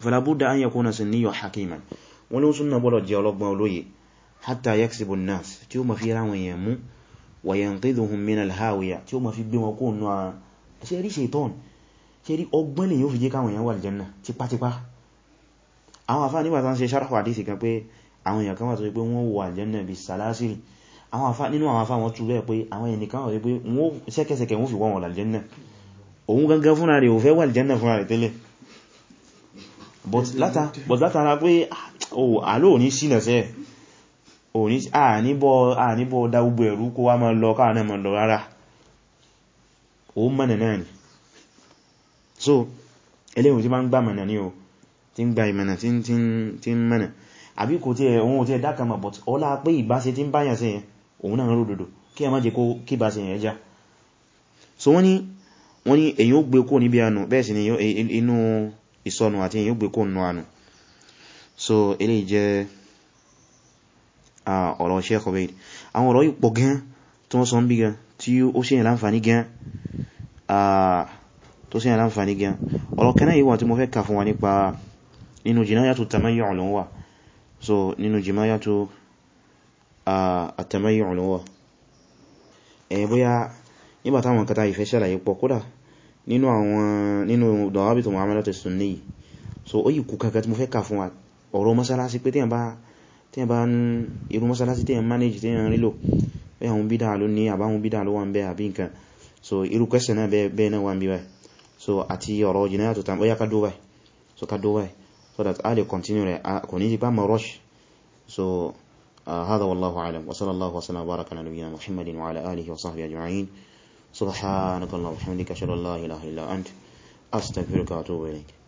fala budda an yakuna sunniyun hakiman wọ́n ló súnnà bọ́lọ̀ jẹ́ ọlọ́gbọ́n olóye hatta yaksibu an-nas tí ó ma fi ráwọn èèyàn mú wa yanqidhuhum min al-hawiya tí ó ma fi gbé wọn kó nù àà ṣe rí ṣètọ́n ṣe rí ọgbọ́n lè yóò fi jẹ́ káwọn èèyàn wà aljanna tipátipá àwọn àfáà nígbà tán ṣe sharhu hadisi kan pé àwọn èèyàn kan wà tó pé òun gangan fúnra rẹ̀ ò fẹ́ wà aljanna fúnra rẹ̀ tẹ́lẹ̀ but later, but later, látara pé ah, àlò ní sínà sẹ́ àníbọ̀ dáúgbò ẹ̀rú kó wá máa lọ káà náà máa lọ rárá o mọ̀nà náà ni so eléhùn tí ma ń gbà mọ̀nà ní o tí ń gba ìmọ̀nà tí ń mọ̀nà àbí kò tí ohun tí ẹ dákàmà but ọlá pé ìbáṣe tí ń báyàn sí yẹn òun náà ròdòdó kí ẹ má jẹ kó kí bá sí yẹn já so wọ́n ni èyí ó gbé kó níbi ànù bẹ́ẹ̀ sì ni inú ìsọnù àti èyàn gbé kó nù ànù so ilé jẹ́ ọ̀rọ̀ Sheikh Ubaid àwọn ọ̀rọ̀ yìí pọ̀ gan tí wọ́n sọ ń bí gan tí ó ṣe ìlànfàní gan tó ṣe ìlànfàní gan ọ̀rọ̀ kẹ́nà yìí tí mo fẹ́ kà fún wa nípa nínú Jinayatu Tamayyu' ló wà so nínú Jinayatu Tamayyu' ló wà ẹ̀yìn bóyá nígbàtàwọn kata ìfẹ́ ṣàlàyé pọ̀ kódà nínú àwọn nínú dawabit muamalat as-sunni so ó yìí kú kankan tí mo fẹ́ kà fún wa ọ̀rọ̀ mọ́sálásí pé téèyàn bá téèyàn bá ń irú mọ́sálásí téèyàn manage téèyàn rílò pé àwọn bídá ló ní àbáwọn bídá ló wà ń bẹ àbí nǹkan so irú kẹsẹ̀ náà bẹ́ẹ̀ náà wà ń bí báyìí so àti ọ̀rọ̀ jìnà tó tàn bóyá kádó báyìí so kádó báyìí so that a lè continue rẹ̀ kò ní jípa mọ̀ rush so هذا والله أعلم وصلى الله وسلم وبارك على نبينا محمد وعلى آله وصحبه أجمعين سبحانك اللهم وبحمدك اشهد ان لا اله الا انت استغفرك واتوب اليك